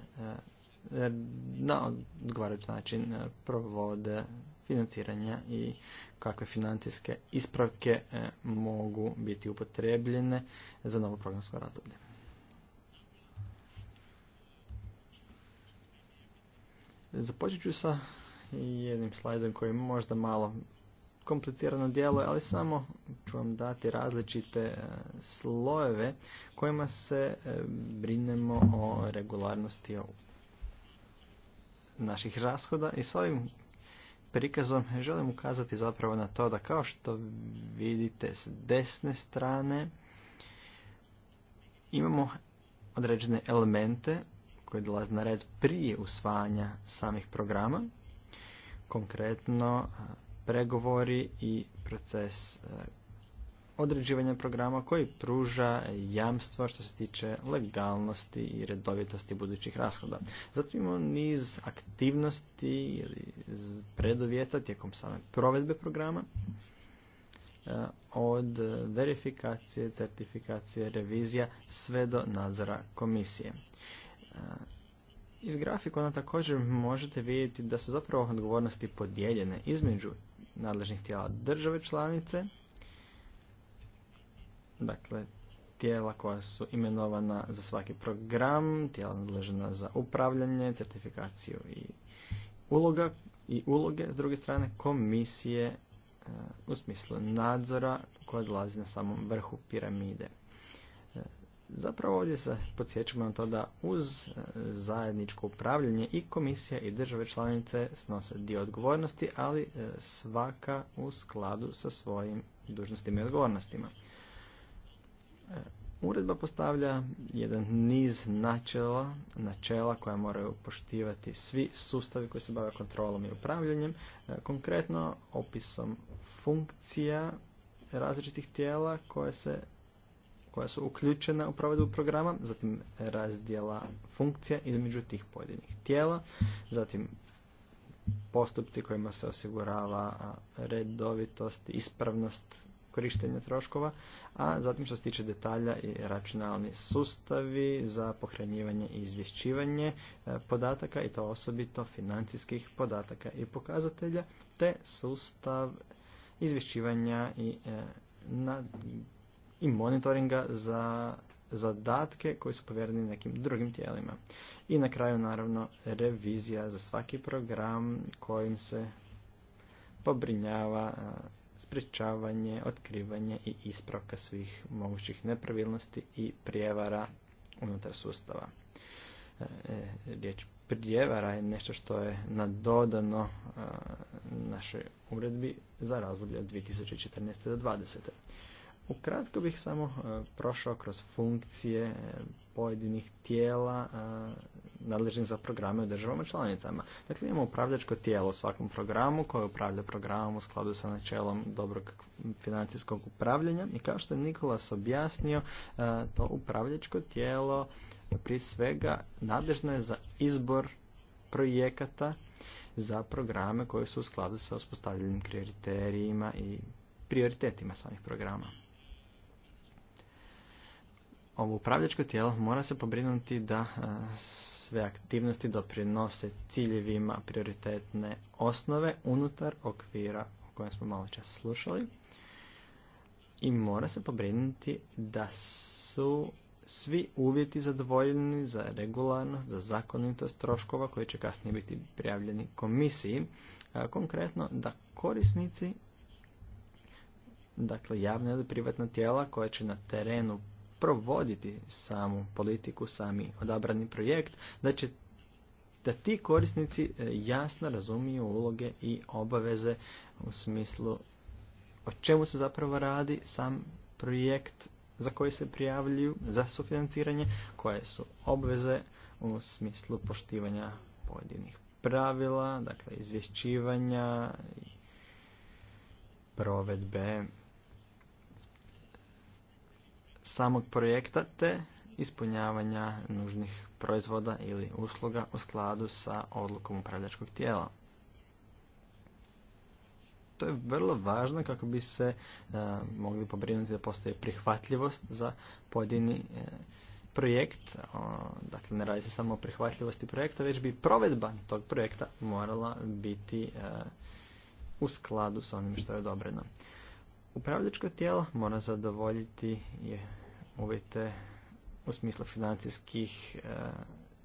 e, na odgovarajući način e, provode financiranja i kakve financijske ispravke mogu biti upotrebljene za novo programsko razdoblje. Započet ću sa jednim slajdom koji možda malo komplicirano dijelo, ali samo ću vam dati različite e, slojeve kojima se e, brinemo o regularnosti naših rashoda i s ovim prikazom želim ukazati zapravo na to da kao što vidite s desne strane imamo određene elemente koji dolaze na red prije usvajanja samih programa. Konkretno pregovori i proces e, određivanja programa koji pruža jamstva što se tiče legalnosti i redovitosti budućih rashoda. Zato imamo niz aktivnosti ili predovjeta tijekom same provedbe programa e, od verifikacije, certifikacije, revizija sve do nadzora komisije. E, iz grafikona također možete vidjeti da su zapravo odgovornosti podijeljene između nadležnih tijela države članice, dakle tijela koja su imenovana za svaki program, tijela nadležena za upravljanje, certifikaciju i uloga i uloge, s druge strane komisije e, u smislu nadzora koja dolazi na samom vrhu piramide. Zapravo ovdje se podsjećamo na to da uz e, zajedničko upravljanje i komisija i države članice snose dio odgovornosti, ali e, svaka u skladu sa svojim dužnostima i odgovornostima. E, uredba postavlja jedan niz načela, načela koja moraju poštivati svi sustavi koji se bave kontrolom i upravljanjem, konkretno opisom funkcija različitih tijela koje se koja su uključena u provedbu programa, zatim razdjela funkcija između tih pojedinih tijela, zatim postupci kojima se osigurava redovitost, ispravnost korištenja troškova, a zatim što se tiče detalja i računalni sustavi za pohranjivanje i izvješćivanje e, podataka i to osobito financijskih podataka i pokazatelja, te sustav izvješćivanja i e, na i monitoringa za zadatke koji su povjereni nekim drugim tijelima. I na kraju naravno revizija za svaki program kojim se pobrinjava sprječavanje, otkrivanje i ispravka svih mogućih nepravilnosti i prijevara unutar sustava. E, e, riječ prijevara je nešto što je nadodano našoj uredbi za razdoblje od 2014. do 2020. Ukratko bih samo e, prošao kroz funkcije e, pojedinih tijela e, nadležnih za programe u državama članicama. Dakle, imamo upravljačko tijelo u svakom programu koje upravlja programom u skladu sa načelom dobrog financijskog upravljanja i kao što je Nikolas objasnio, to upravljačko tijelo prije svega nadležno je za izbor projekata za programe koji su u skladu sa uspostavljenim kriterijima i prioritetima samih programa ovo upravljačko tijelo mora se pobrinuti da e, sve aktivnosti doprinose ciljevima prioritetne osnove unutar okvira o kojem smo malo čas slušali i mora se pobrinuti da su svi uvjeti zadovoljeni za regularnost, za zakonitost troškova koji će kasnije biti prijavljeni komisiji. E, konkretno da korisnici, dakle javna ili privatna tijela koja će na terenu provoditi samu politiku, sami odabrani projekt, da će da ti korisnici e, jasno razumiju uloge i obaveze u smislu o čemu se zapravo radi sam projekt za koji se prijavljuju za sufinanciranje, koje su obveze u smislu poštivanja pojedinih pravila, dakle izvješćivanja, i provedbe samog projekta te ispunjavanja nužnih proizvoda ili usluga u skladu sa odlukom upravljačkog tijela. To je vrlo važno kako bi se e, mogli pobrinuti da postoji prihvatljivost za pojedini e, projekt. dakle, ne radi se samo o prihvatljivosti projekta, već bi provedba tog projekta morala biti e, u skladu sa onim što je odobreno. Upravljačko tijelo mora zadovoljiti je uvjete u smislu financijskih e,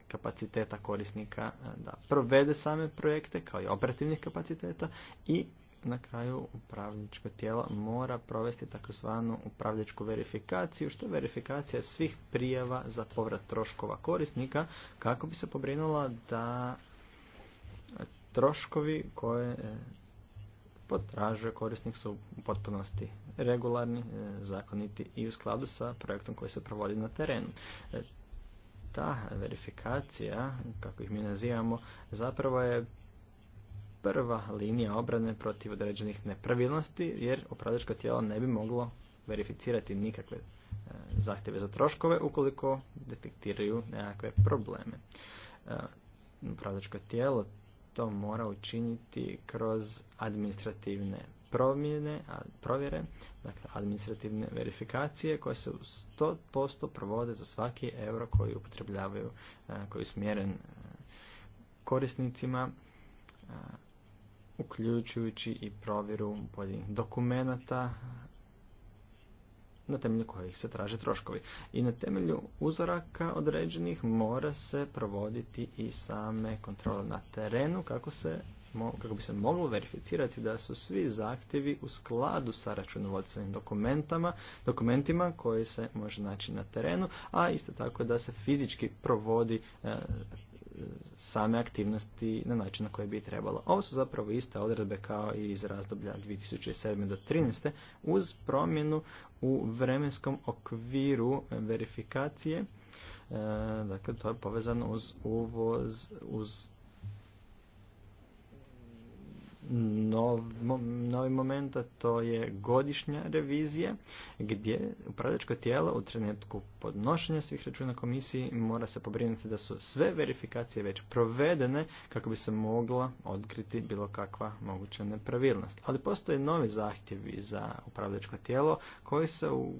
kapaciteta korisnika e, da provede same projekte kao i operativnih kapaciteta i na kraju upravljačko tijelo mora provesti takozvanu upravljačku verifikaciju, što je verifikacija svih prijava za povrat troškova korisnika kako bi se pobrinula da troškovi koje e, potražuje korisnik su u potpunosti regularni, e, zakoniti i u skladu sa projektom koji se provodi na terenu. E, ta verifikacija, kako ih mi nazivamo, zapravo je prva linija obrane protiv određenih nepravilnosti, jer upravljačko tijelo ne bi moglo verificirati nikakve e, zahtjeve za troškove ukoliko detektiraju nekakve probleme. Upravljačko tijelo to mora učiniti kroz administrativne promjene, provjere, dakle administrativne verifikacije koje se u 100% provode za svaki euro koji upotrebljavaju, e, koji je usmjeren e, korisnicima, e, uključujući i provjeru pojedinih dokumenata na temelju kojih se traže troškovi. I na temelju uzoraka određenih mora se provoditi i same kontrole na terenu kako se kako bi se moglo verificirati da su svi zahtjevi u skladu sa računovodstvenim dokumentama, dokumentima koji se može naći na terenu, a isto tako da se fizički provodi e, same aktivnosti na način na koji bi trebalo. Ovo su zapravo iste odredbe kao i iz razdoblja 2007. do 2013. uz promjenu u vremenskom okviru verifikacije. E, dakle, to je povezano uz uvoz, uz nov, novi moment, to je godišnja revizija gdje upravljačko tijelo u trenutku podnošenja svih računa komisiji mora se pobrinuti da su sve verifikacije već provedene kako bi se mogla otkriti bilo kakva moguća nepravilnost. Ali postoje novi zahtjevi za upravljačko tijelo koji se u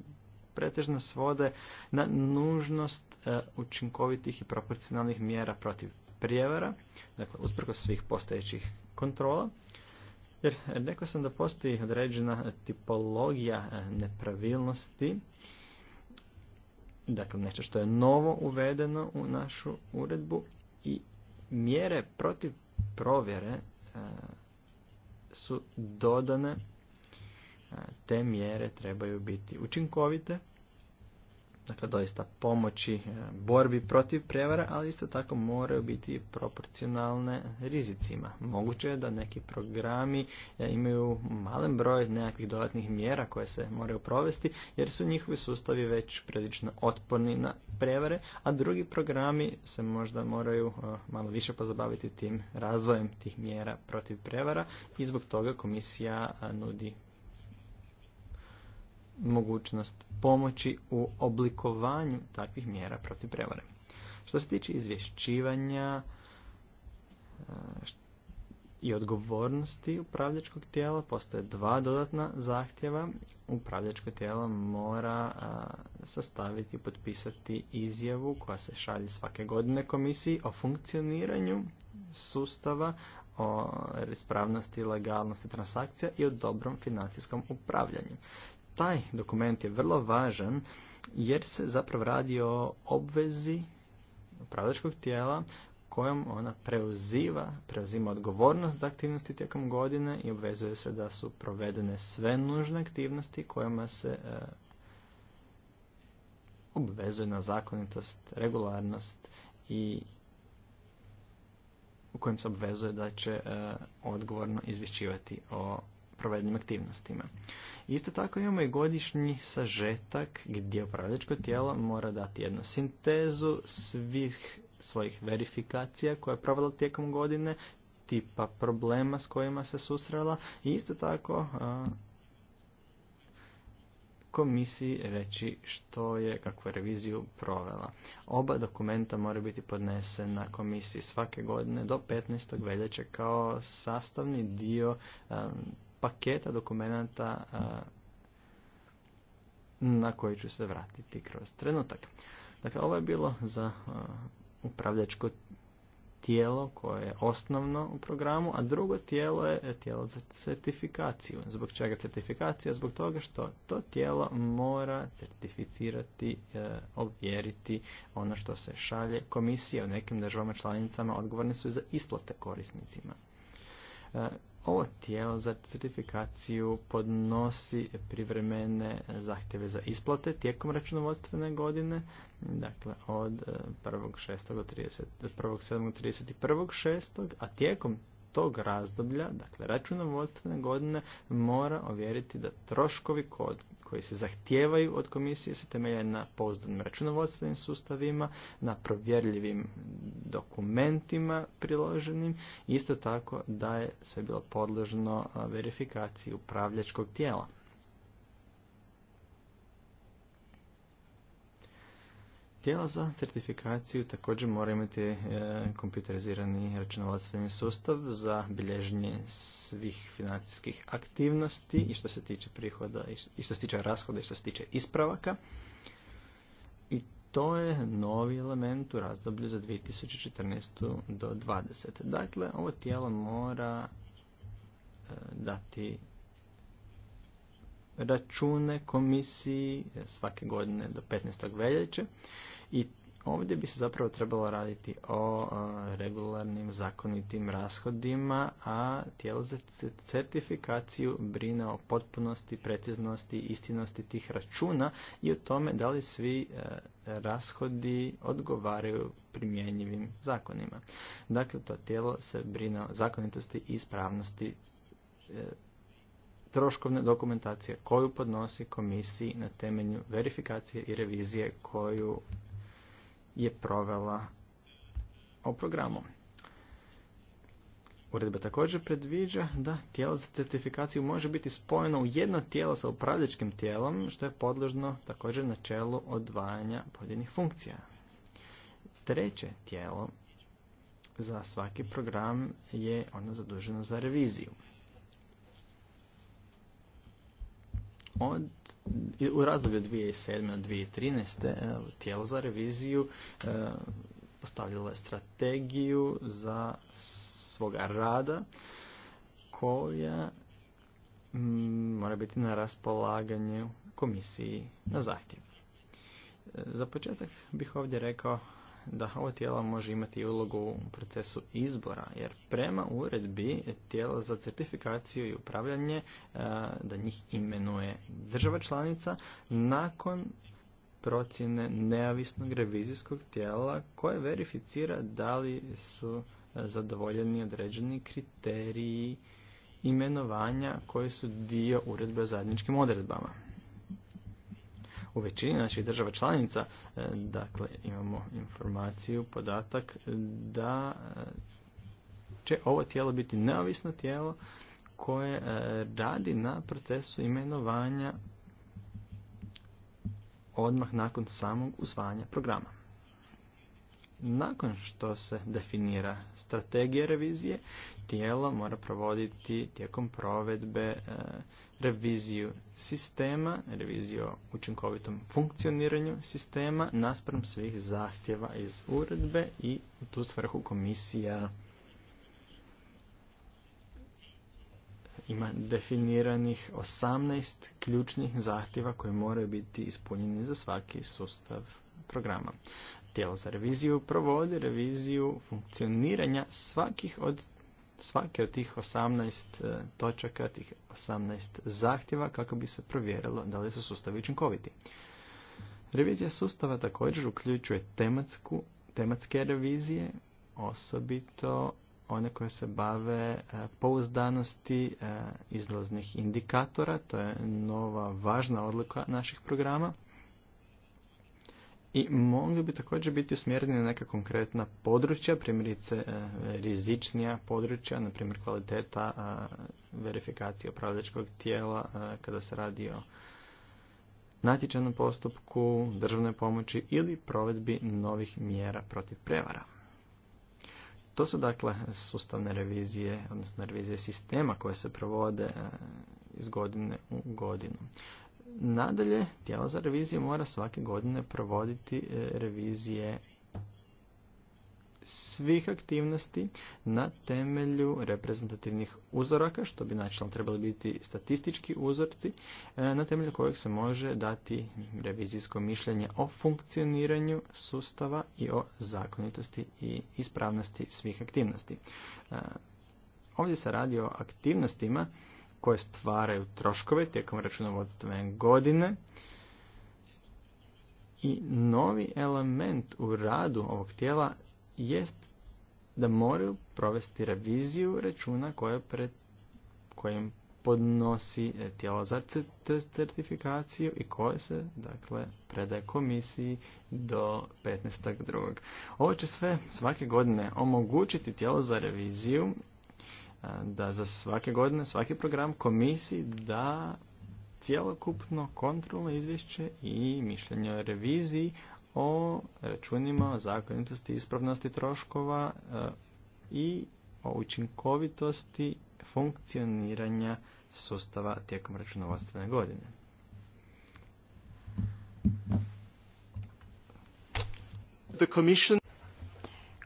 pretežno svode na nužnost e, učinkovitih i proporcionalnih mjera protiv prijevara, dakle usprkos svih postojećih kontrola jer e, rekao sam da postoji određena tipologija e, nepravilnosti, dakle nešto što je novo uvedeno u našu uredbu i mjere protiv provjere e, su dodane, te mjere trebaju biti učinkovite dakle doista pomoći e, borbi protiv prevara, ali isto tako moraju biti proporcionalne rizicima. Moguće je da neki programi e, imaju malen broj nekakvih dodatnih mjera koje se moraju provesti, jer su njihovi sustavi već prilično otporni na prevare, a drugi programi se možda moraju e, malo više pozabaviti tim razvojem tih mjera protiv prevara i zbog toga komisija nudi mogućnost pomoći u oblikovanju takvih mjera protiv prevare. Što se tiče izvješćivanja e, i odgovornosti upravljačkog tijela, postoje dva dodatna zahtjeva. Upravljačko tijelo mora e, sastaviti i potpisati izjavu koja se šalje svake godine komisiji o funkcioniranju sustava, o ispravnosti i legalnosti transakcija i o dobrom financijskom upravljanju taj dokument je vrlo važan jer se zapravo radi o obvezi upravljačkog tijela kojom ona preuziva, preuzima odgovornost za aktivnosti tijekom godine i obvezuje se da su provedene sve nužne aktivnosti kojima se e, obvezuje na zakonitost, regularnost i u kojem se obvezuje da će e, odgovorno izvješćivati o provedenim aktivnostima. Isto tako imamo i godišnji sažetak gdje upravljačko tijelo mora dati jednu sintezu svih svojih verifikacija koje je provela tijekom godine, tipa problema s kojima se susrela i isto tako komisiji reći što je, kakvu reviziju provela. Oba dokumenta mora biti podnesena komisiji svake godine do 15. veljače kao sastavni dio paketa dokumenta na koji ću se vratiti kroz trenutak. Dakle, ovo je bilo za upravljačko tijelo koje je osnovno u programu, a drugo tijelo je tijelo za certifikaciju. Zbog čega certifikacija? Zbog toga što to tijelo mora certificirati, e, ovjeriti ono što se šalje komisije u nekim državama članicama odgovorne su za isplate korisnicima. E, ovo tijelo za certifikaciju podnosi privremene zahtjeve za isplate tijekom računovodstvene godine, dakle od 1.6. Eh, do 31.6., a tijekom tog razdoblja, dakle računovodstvene godine, mora ovjeriti da troškovi kod koji se zahtijevaju od komisije se temelje na pouzdanim računovodstvenim sustavima, na provjerljivim dokumentima priloženim, isto tako da je sve bilo podložno verifikaciji upravljačkog tijela. Tijela za certifikaciju također mora imati e, kompjuterizirani računovodstveni sustav za bilježenje svih financijskih aktivnosti i što se tiče prihoda i što se tiče rashoda i što se tiče ispravaka. I to je novi element u razdoblju za 2014. do 2020. Dakle, ovo tijelo mora e, dati račune komisiji e, svake godine do 15. veljače i ovdje bi se zapravo trebalo raditi o regularnim zakonitim rashodima, a tijelo za certifikaciju brine o potpunosti, preciznosti, istinosti tih računa i o tome da li svi e, rashodi odgovaraju primjenjivim zakonima. Dakle, to tijelo se brine o zakonitosti i ispravnosti e, troškovne dokumentacije koju podnosi komisiji na temelju verifikacije i revizije koju je provela o programu. Uredba također predviđa da tijelo za certifikaciju može biti spojeno u jedno tijelo sa upravljačkim tijelom, što je podložno također načelu odvajanja pojedinih funkcija. Treće tijelo za svaki program je ono zaduženo za reviziju. Od, u razdoblju 2007. do 2013. E, tijelo za reviziju e, postavljalo je strategiju za svoga rada koja mora biti na raspolaganju komisiji na zahtjev. E, za početak bih ovdje rekao da ovo tijelo može imati ulogu u procesu izbora, jer prema uredbi tijelo za certifikaciju i upravljanje e, da njih imenuje država članica nakon procjene neavisnog revizijskog tijela koje verificira da li su e, zadovoljeni određeni kriteriji imenovanja koji su dio uredbe o zajedničkim odredbama u većini naših država članica, e, dakle imamo informaciju, podatak da e, će ovo tijelo biti neovisno tijelo koje e, radi na procesu imenovanja odmah nakon samog usvajanja programa. Nakon što se definira strategija revizije, tijelo mora provoditi tijekom provedbe e, reviziju sistema, reviziju o učinkovitom funkcioniranju sistema naspram svih zahtjeva iz uredbe i u tu svrhu komisija ima definiranih 18 ključnih zahtjeva koji moraju biti ispunjeni za svaki sustav programa. Tijelo za reviziju provodi reviziju funkcioniranja svakih od svake od tih 18 e, točaka, tih 18 zahtjeva kako bi se provjerilo da li su sustavi učinkoviti. Revizija sustava također uključuje tematsku, tematske revizije, osobito one koje se bave e, pouzdanosti e, izlaznih indikatora, to je nova važna odluka naših programa i mogli bi također biti usmjereni na neka konkretna područja, primjerice e, rizičnija područja, na primjer kvaliteta e, verifikacije upravljačkog tijela e, kada se radi o natječajnom postupku, državnoj pomoći ili provedbi novih mjera protiv prevara. To su dakle sustavne revizije, odnosno revizije sistema koje se provode iz godine u godinu. Nadalje, tijelo za reviziju mora svake godine provoditi e, revizije svih aktivnosti na temelju reprezentativnih uzoraka, što bi načelno trebali biti statistički uzorci, e, na temelju kojeg se može dati revizijsko mišljenje o funkcioniranju sustava i o zakonitosti i ispravnosti svih aktivnosti. E, ovdje se radi o aktivnostima koje stvaraju troškove tijekom računovodstvene godine. I novi element u radu ovog tijela jest da moraju provesti reviziju računa koje kojim podnosi e, tijelo za certifikaciju i koje se dakle predaje komisiji do 15.2. Ovo će sve svake godine omogućiti tijelo za reviziju da za svake godine, svaki program komisiji da cjelokupno kontrolno izvješće i mišljenje o reviziji o računima o zakonitosti i ispravnosti troškova e, i o učinkovitosti funkcioniranja sustava tijekom računovodstvene godine.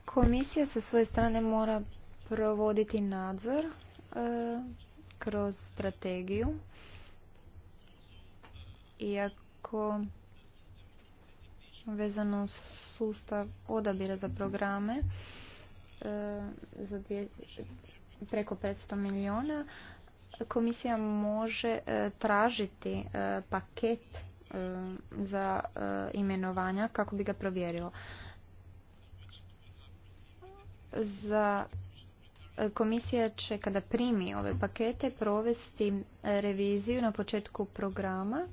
Komisija sa svoje strane mora provoditi nadzor e, kroz strategiju. Iako vezano sustav odabira za programe e, za preko 500 milijuna, komisija može e, tražiti paket za imenovanja kako bi ga provjerilo. Za Komisija će kada primi ove pakete provesti e, reviziju na početku programa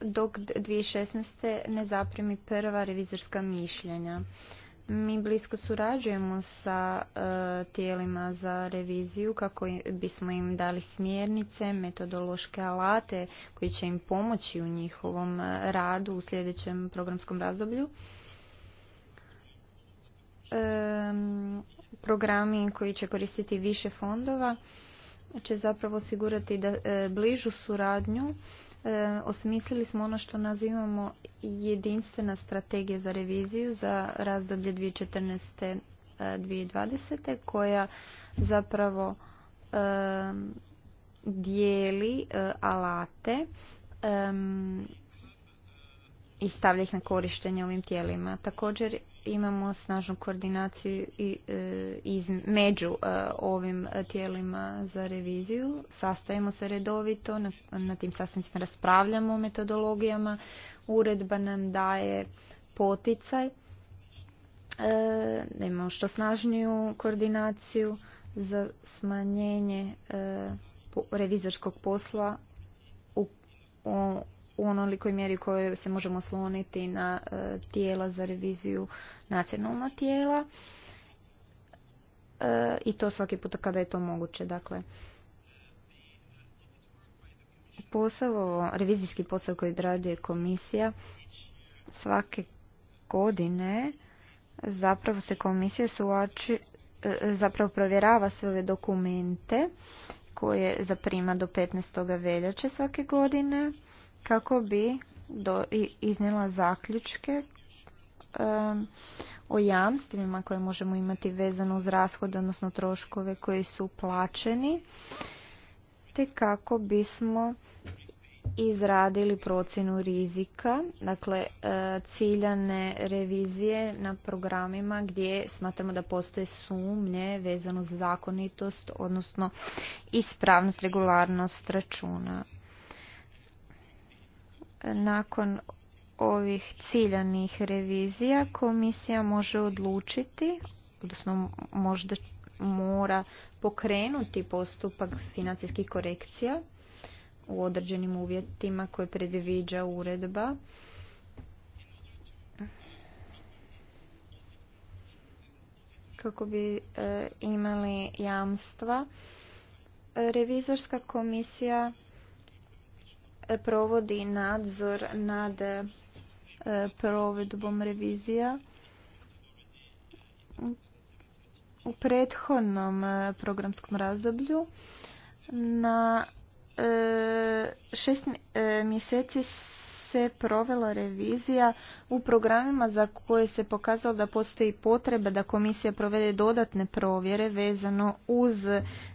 dok 2016. ne zaprimi prva revizorska mišljenja. Mi blisko surađujemo sa e, tijelima za reviziju kako bismo im dali smjernice, metodološke alate koji će im pomoći u njihovom e, radu u sljedećem programskom razdoblju programi koji će koristiti više fondova će zapravo osigurati da e, bližu suradnju e, osmislili smo ono što nazivamo jedinstvena strategija za reviziju za razdoblje 2014. 2020. E, koja zapravo dijeli alate i stavlja ih na korištenje ovim tijelima. Također imamo snažnu koordinaciju i, e, među e, ovim tijelima za reviziju. Sastajemo se redovito, na, tim sastancima raspravljamo o metodologijama. Uredba nam daje poticaj e, da imamo što snažniju koordinaciju za smanjenje revizorskog posla u u onolikoj mjeri kojoj se možemo osloniti na e, tijela za reviziju nacionalna tijela e, i to svaki puta kada je to moguće. Dakle, posao, revizijski posao koji odrađuje komisija svake godine zapravo se komisija suoči, e, zapravo provjerava sve ove dokumente koje zaprima do 15. veljače svake godine kako bi do, iznijela zaključke o jamstvima koje možemo imati vezano uz rashode, odnosno troškove koji su plaćeni, te kako bismo izradili procjenu rizika, dakle e, ciljane revizije na programima gdje smatramo da postoje sumnje vezano za zakonitost, odnosno ispravnost, regularnost računa nakon ovih ciljanih revizija komisija može odlučiti, odnosno možda mora pokrenuti postupak financijskih korekcija u određenim uvjetima koje predviđa uredba. Kako bi e, imali jamstva, revizorska komisija provodi nadzor nad e, provedbom revizija. U prethodnom e, programskom razdoblju na e, šest mjeseci se provela revizija u programima za koje se pokazalo da postoji potreba da komisija provede dodatne provjere vezano uz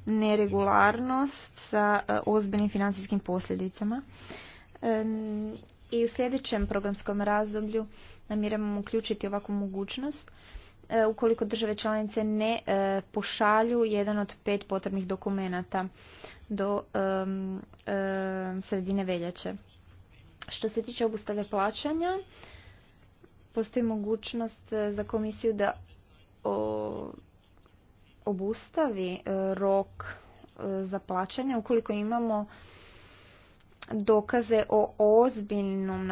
neregularnost sa e, ozbiljnim financijskim posljedicama. E, I u sljedećem programskom razdoblju namiramo uključiti ovakvu mogućnost e, ukoliko države članice ne pošalju jedan od pet potrebnih dokumenata do sredine veljače. Što se tiče obustave plaćanja, postoji mogućnost e, za komisiju da obustavi e, rok e, za plaćanje ukoliko imamo dokaze o ozbiljnom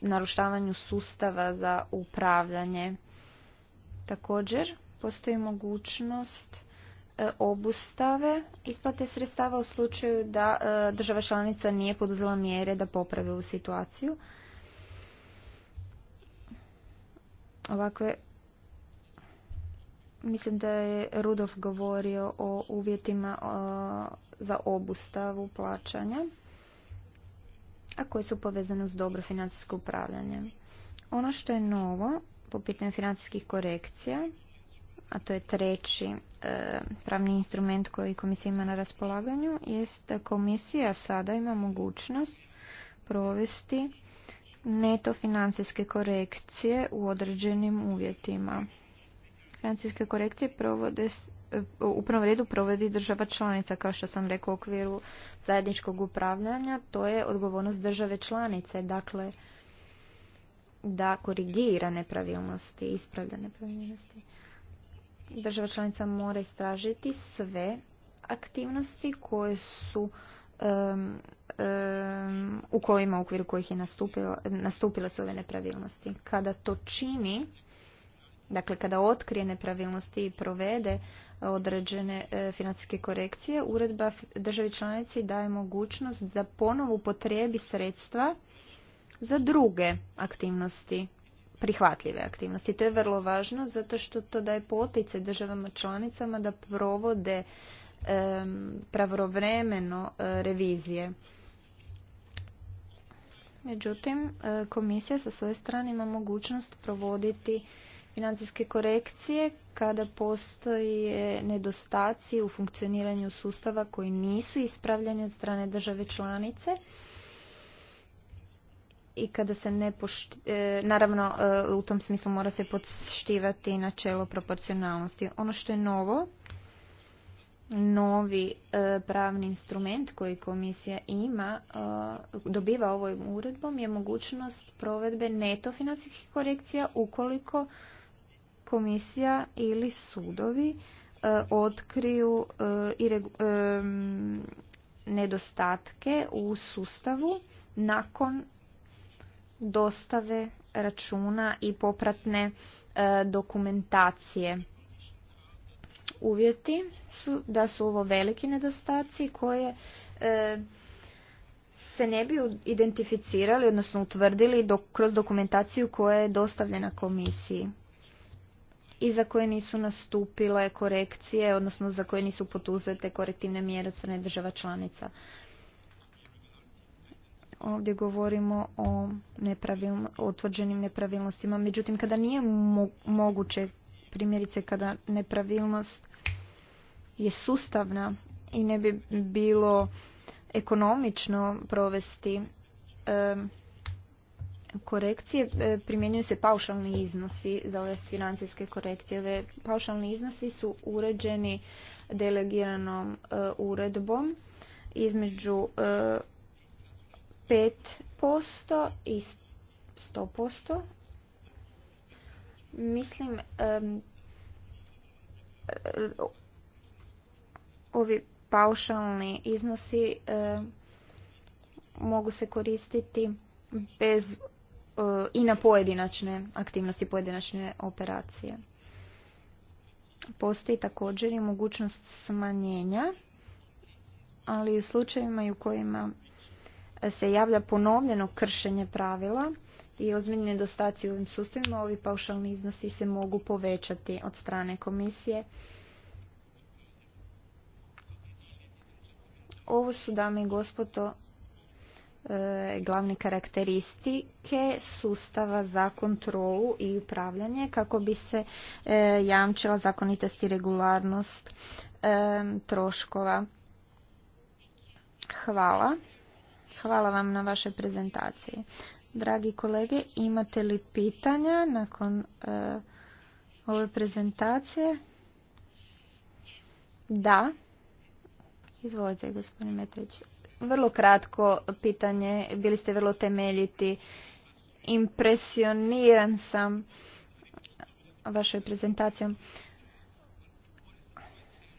narušavanju sustava za upravljanje. Također, postoji mogućnost E, obustave isplate sredstava u slučaju da e, država članica nije poduzela mjere da popravi ovu situaciju. Ovakve Mislim da je Rudolf govorio o uvjetima e, za obustavu plaćanja, a koje su povezane uz dobro financijsko upravljanje. Ono što je novo po pitanju financijskih korekcija a to je treći e, pravni instrument koji komisija ima na raspolaganju, jest da komisija sada ima mogućnost provesti neto financijske korekcije u određenim uvjetima. Financijske korekcije provode, e, u prvom redu provodi država članica, kao što sam rekao u okviru zajedničkog upravljanja, to je odgovornost države članice, dakle da korigira nepravilnosti, ispravlja nepravilnosti država članica mora istražiti sve aktivnosti koje su u kojima u okviru kojih je nastupila, nastupile su ove nepravilnosti. Kada to čini, dakle kada otkrije nepravilnosti i provede e, određene e, financijske korekcije, uredba državi članici daje mogućnost da ponovo upotrijebi sredstva za druge aktivnosti prihvatljive aktivnosti. To je vrlo važno zato što to daje potice državama članicama da provode pravovremeno e, revizije. Međutim, e, komisija sa svoje strane ima mogućnost provoditi financijske korekcije kada postoje nedostaci u funkcioniranju sustava koji nisu ispravljeni od strane države članice i kada se ne pošti, e, naravno e, u tom smislu mora se poštivati načelo proporcionalnosti. Ono što je novo, novi e, pravni instrument koji komisija ima, dobiva ovom uredbom je mogućnost provedbe neto financijskih korekcija ukoliko komisija ili sudovi otkriju nedostatke u sustavu nakon dostave računa i popratne e, dokumentacije. Uvjeti su da su ovo veliki nedostaci koje e, se ne bi identificirali, odnosno utvrdili kroz dokumentaciju koja je dostavljena komisiji i za koje nisu nastupile korekcije, odnosno za koje nisu potuzete korektivne mjere od strane država članica. Ovdje govorimo o otvođenim nepravilnostima. Međutim, kada nije moguće, primjerice kada nepravilnost je sustavna i ne bi bilo ekonomično provesti korekcije, e, primjenjuju se paušalni iznosi za ove financijske korekcije. paušalni iznosi su uređeni delegiranom e, uredbom između e, 5% i 100%. Mislim, ovi paušalni iznosi mogu se koristiti bez eh, i na pojedinačne aktivnosti, pojedinačne operacije. Postoji također i mogućnost smanjenja, ali u slučajevima u kojima se javlja ponovljeno kršenje pravila i ozbiljni nedostaci u ovim sustavima, ovi paušalni iznosi se mogu povećati od strane komisije. Ovo su, dame i gospodo, e, glavne karakteristike sustava za kontrolu i upravljanje kako bi se e, jamčila zakonitost i regularnost e, troškova. Hvala. Hvala vam na vašoj prezentaciji. Dragi kolege, imate li pitanja nakon e, ove prezentacije? Da. Izvolite, gospodin Metrić. Vrlo kratko pitanje, bili ste vrlo temeljiti. Impresioniran sam vašoj prezentacijom.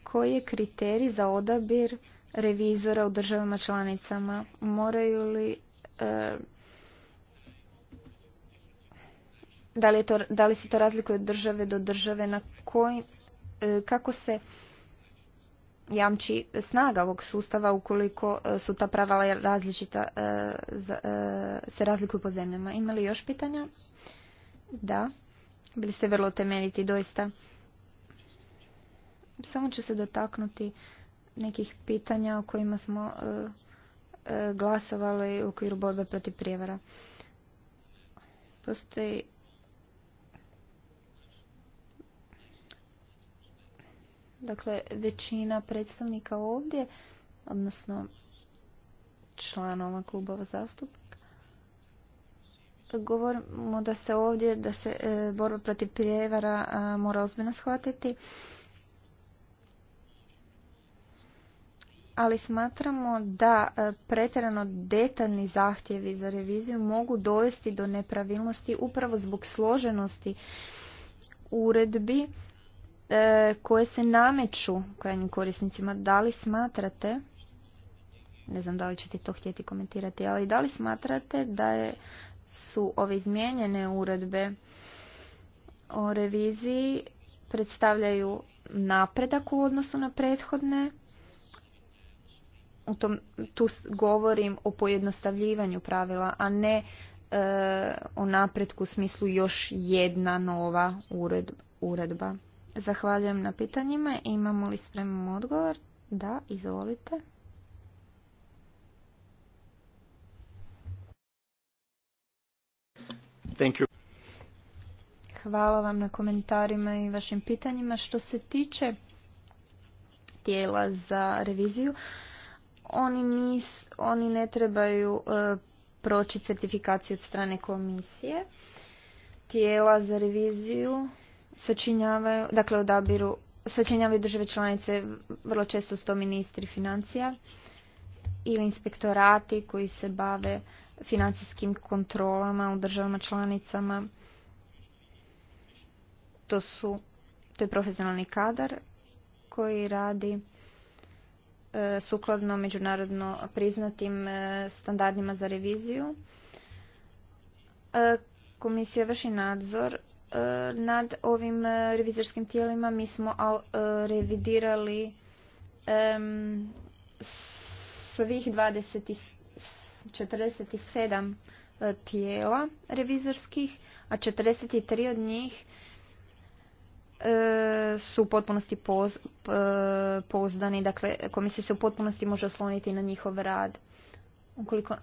Koji je kriterij za odabir revizora u državama članicama? Moraju li e, da li, to, da li se to razlikuje od države do države na koji, e, kako se jamči snaga ovog sustava ukoliko e, su ta pravila različita, se razlikuju po zemljama. Ima li još pitanja? Da. Bili ste vrlo temeljiti, doista. Samo ću se dotaknuti nekih pitanja o kojima smo e, e, glasovali u okviru borbe protiv prijevara. Postoji dakle većina predstavnika ovdje, odnosno članova klubova zastupnika. Govorimo da se ovdje, da se e, borba protiv prijevara mora ozbiljno shvatiti ali smatramo da e, pretjerano detaljni zahtjevi za reviziju mogu dovesti do nepravilnosti upravo zbog složenosti uredbi e, koje se nameću krajnjim korisnicima. Da li smatrate, ne znam da li ćete to htjeti komentirati, ali da li smatrate da je, su ove izmijenjene uredbe o reviziji predstavljaju napredak u odnosu na prethodne u tu govorim o pojednostavljivanju pravila, a ne e, o napretku u smislu još jedna nova uredba. Zahvaljujem na pitanjima. Imamo li spreman odgovor? Da, izvolite. Thank you. Hvala vam na komentarima i vašim pitanjima. Što se tiče tijela za reviziju, oni, oni ne trebaju e, proći certifikaciju od strane komisije. Tijela za reviziju sačinjavaju, dakle odabiru, sačinjavaju države članice, vrlo često sto ministri financija ili inspektorati koji se bave financijskim kontrolama u državama članicama. To su, to je profesionalni kadar koji radi E, sukladno međunarodno priznatim e, standardima za reviziju. E, komisija vrši nadzor nad ovim revizorskim tijelima. Mi smo revidirali svih 20, 47 tijela revizorskih, a 43 od njih E, su u potpunosti poz, pozdani, dakle komisija se u potpunosti može osloniti na njihov rad. Ukoliko,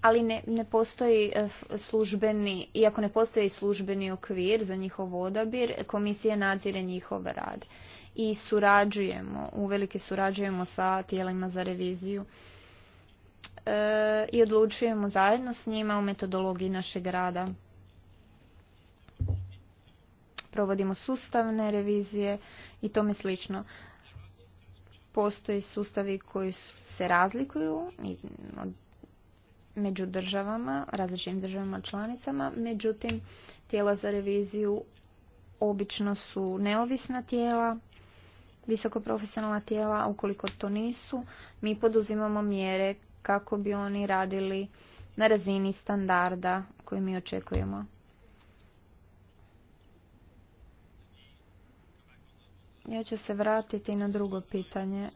ali ne, ne postoji e, službeni, iako ne postoji službeni okvir za njihov odabir, komisija nadzire njihov rad i surađujemo, uvelike surađujemo sa tijelima za reviziju e, i odlučujemo zajedno s njima u metodologiji našeg rada provodimo sustavne revizije i tome slično. Postoji sustavi koji se razlikuju među državama, različitim državama članicama, međutim tijela za reviziju obično su neovisna tijela, visoko profesionalna tijela, a ukoliko to nisu, mi poduzimamo mjere kako bi oni radili na razini standarda koji mi očekujemo. Ja ću se vratiti na drugo pitanje.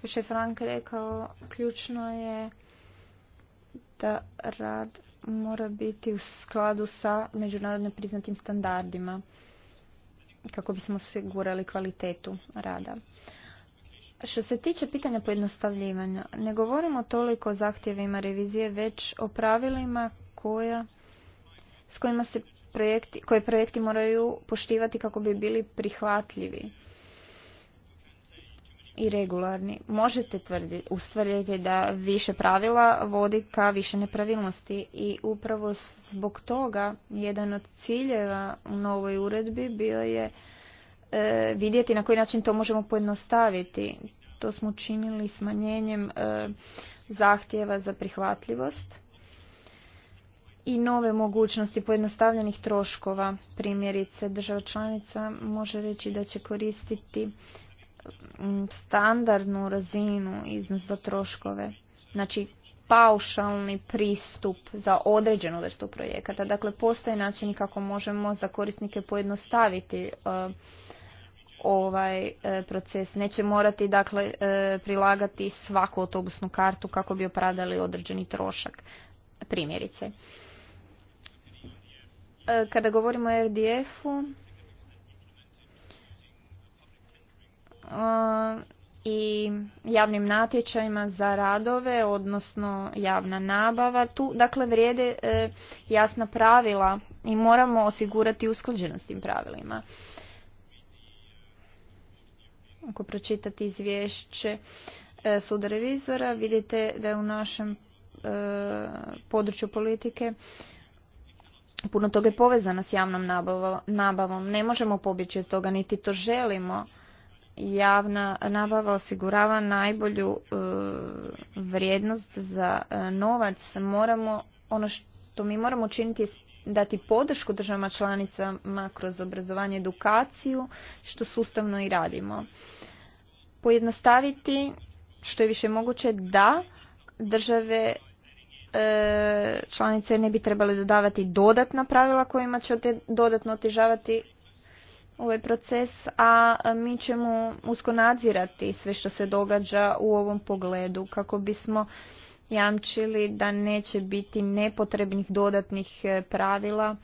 Pošto je Frank rekao, ključno je da rad mora biti u skladu sa međunarodno priznatim standardima kako bismo osigurali kvalitetu rada. Što se tiče pitanja pojednostavljivanja, ne govorimo toliko o zahtjevima revizije, već o pravilima koja, s kojima se projekti, koje projekti moraju poštivati kako bi bili prihvatljivi i regularni. Možete ustvrditi da više pravila vodi ka više nepravilnosti i upravo zbog toga jedan od ciljeva u novoj uredbi bio je e, vidjeti na koji način to možemo pojednostaviti. To smo činili smanjenjem e, zahtjeva za prihvatljivost i nove mogućnosti pojednostavljenih troškova. Primjerice, država članica može reći da će koristiti mm, standardnu razinu iznos za troškove. Znači, paušalni pristup za određenu vrstu projekata. Dakle, postoje načini kako možemo za korisnike pojednostaviti e, ovaj e, proces. Neće morati dakle e, prilagati svaku autobusnu kartu kako bi opravdali određeni trošak primjerice. E, kada govorimo o RDF-u e, i javnim natječajima za radove, odnosno javna nabava, tu dakle vrijede e, jasna pravila i moramo osigurati usklađenost tim pravilima. Ako pročitate izvješće suda revizora, vidite da je u našem području politike puno toga je povezano s javnom nabavom. Ne možemo pobjeći od toga, niti to želimo. Javna nabava osigurava najbolju e, vrijednost za e, novac. Moramo, ono što mi moramo učiniti je dati podršku državama članicama kroz obrazovanje i edukaciju, što sustavno i radimo. Pojednostaviti što je više moguće da države E, članice ne bi trebali dodavati dodatna pravila kojima će dodatno otežavati ovaj proces, a mi ćemo usko nadzirati sve što se događa u ovom pogledu kako bismo jamčili da neće biti nepotrebnih dodatnih e, pravila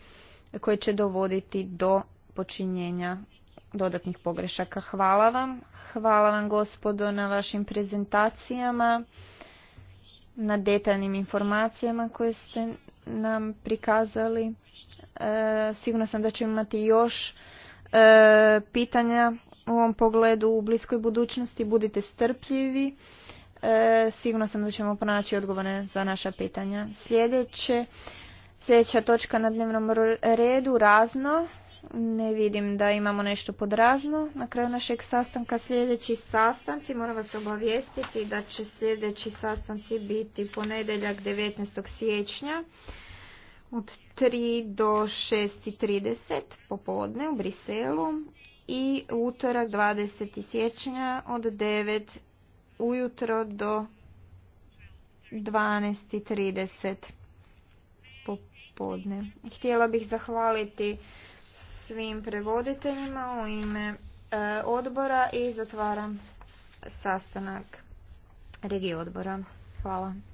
koje će dovoditi do počinjenja dodatnih pogrešaka. Hvala vam. Hvala vam gospodo na vašim prezentacijama na detaljnim informacijama koje ste nam prikazali. E, sigurno sam da ćemo imati još e, pitanja u ovom pogledu u bliskoj budućnosti. Budite strpljivi. E, sigurno sam da ćemo pronaći odgovore za naša pitanja. Sljedeće, sljedeća točka na dnevnom redu, razno. Ne vidim da imamo nešto podrazno. Na kraju našeg sastanka sljedeći sastanci. Moram vas obavijestiti da će sljedeći sastanci biti ponedjeljak 19. siječnja od 3 do 6.30 popodne u Briselu i utorak 20. siječnja od 9 ujutro do 12.30 popodne. Htjela bih zahvaliti svim prevoditeljima u ime e, odbora i zatvaram sastanak regije odbora. Hvala.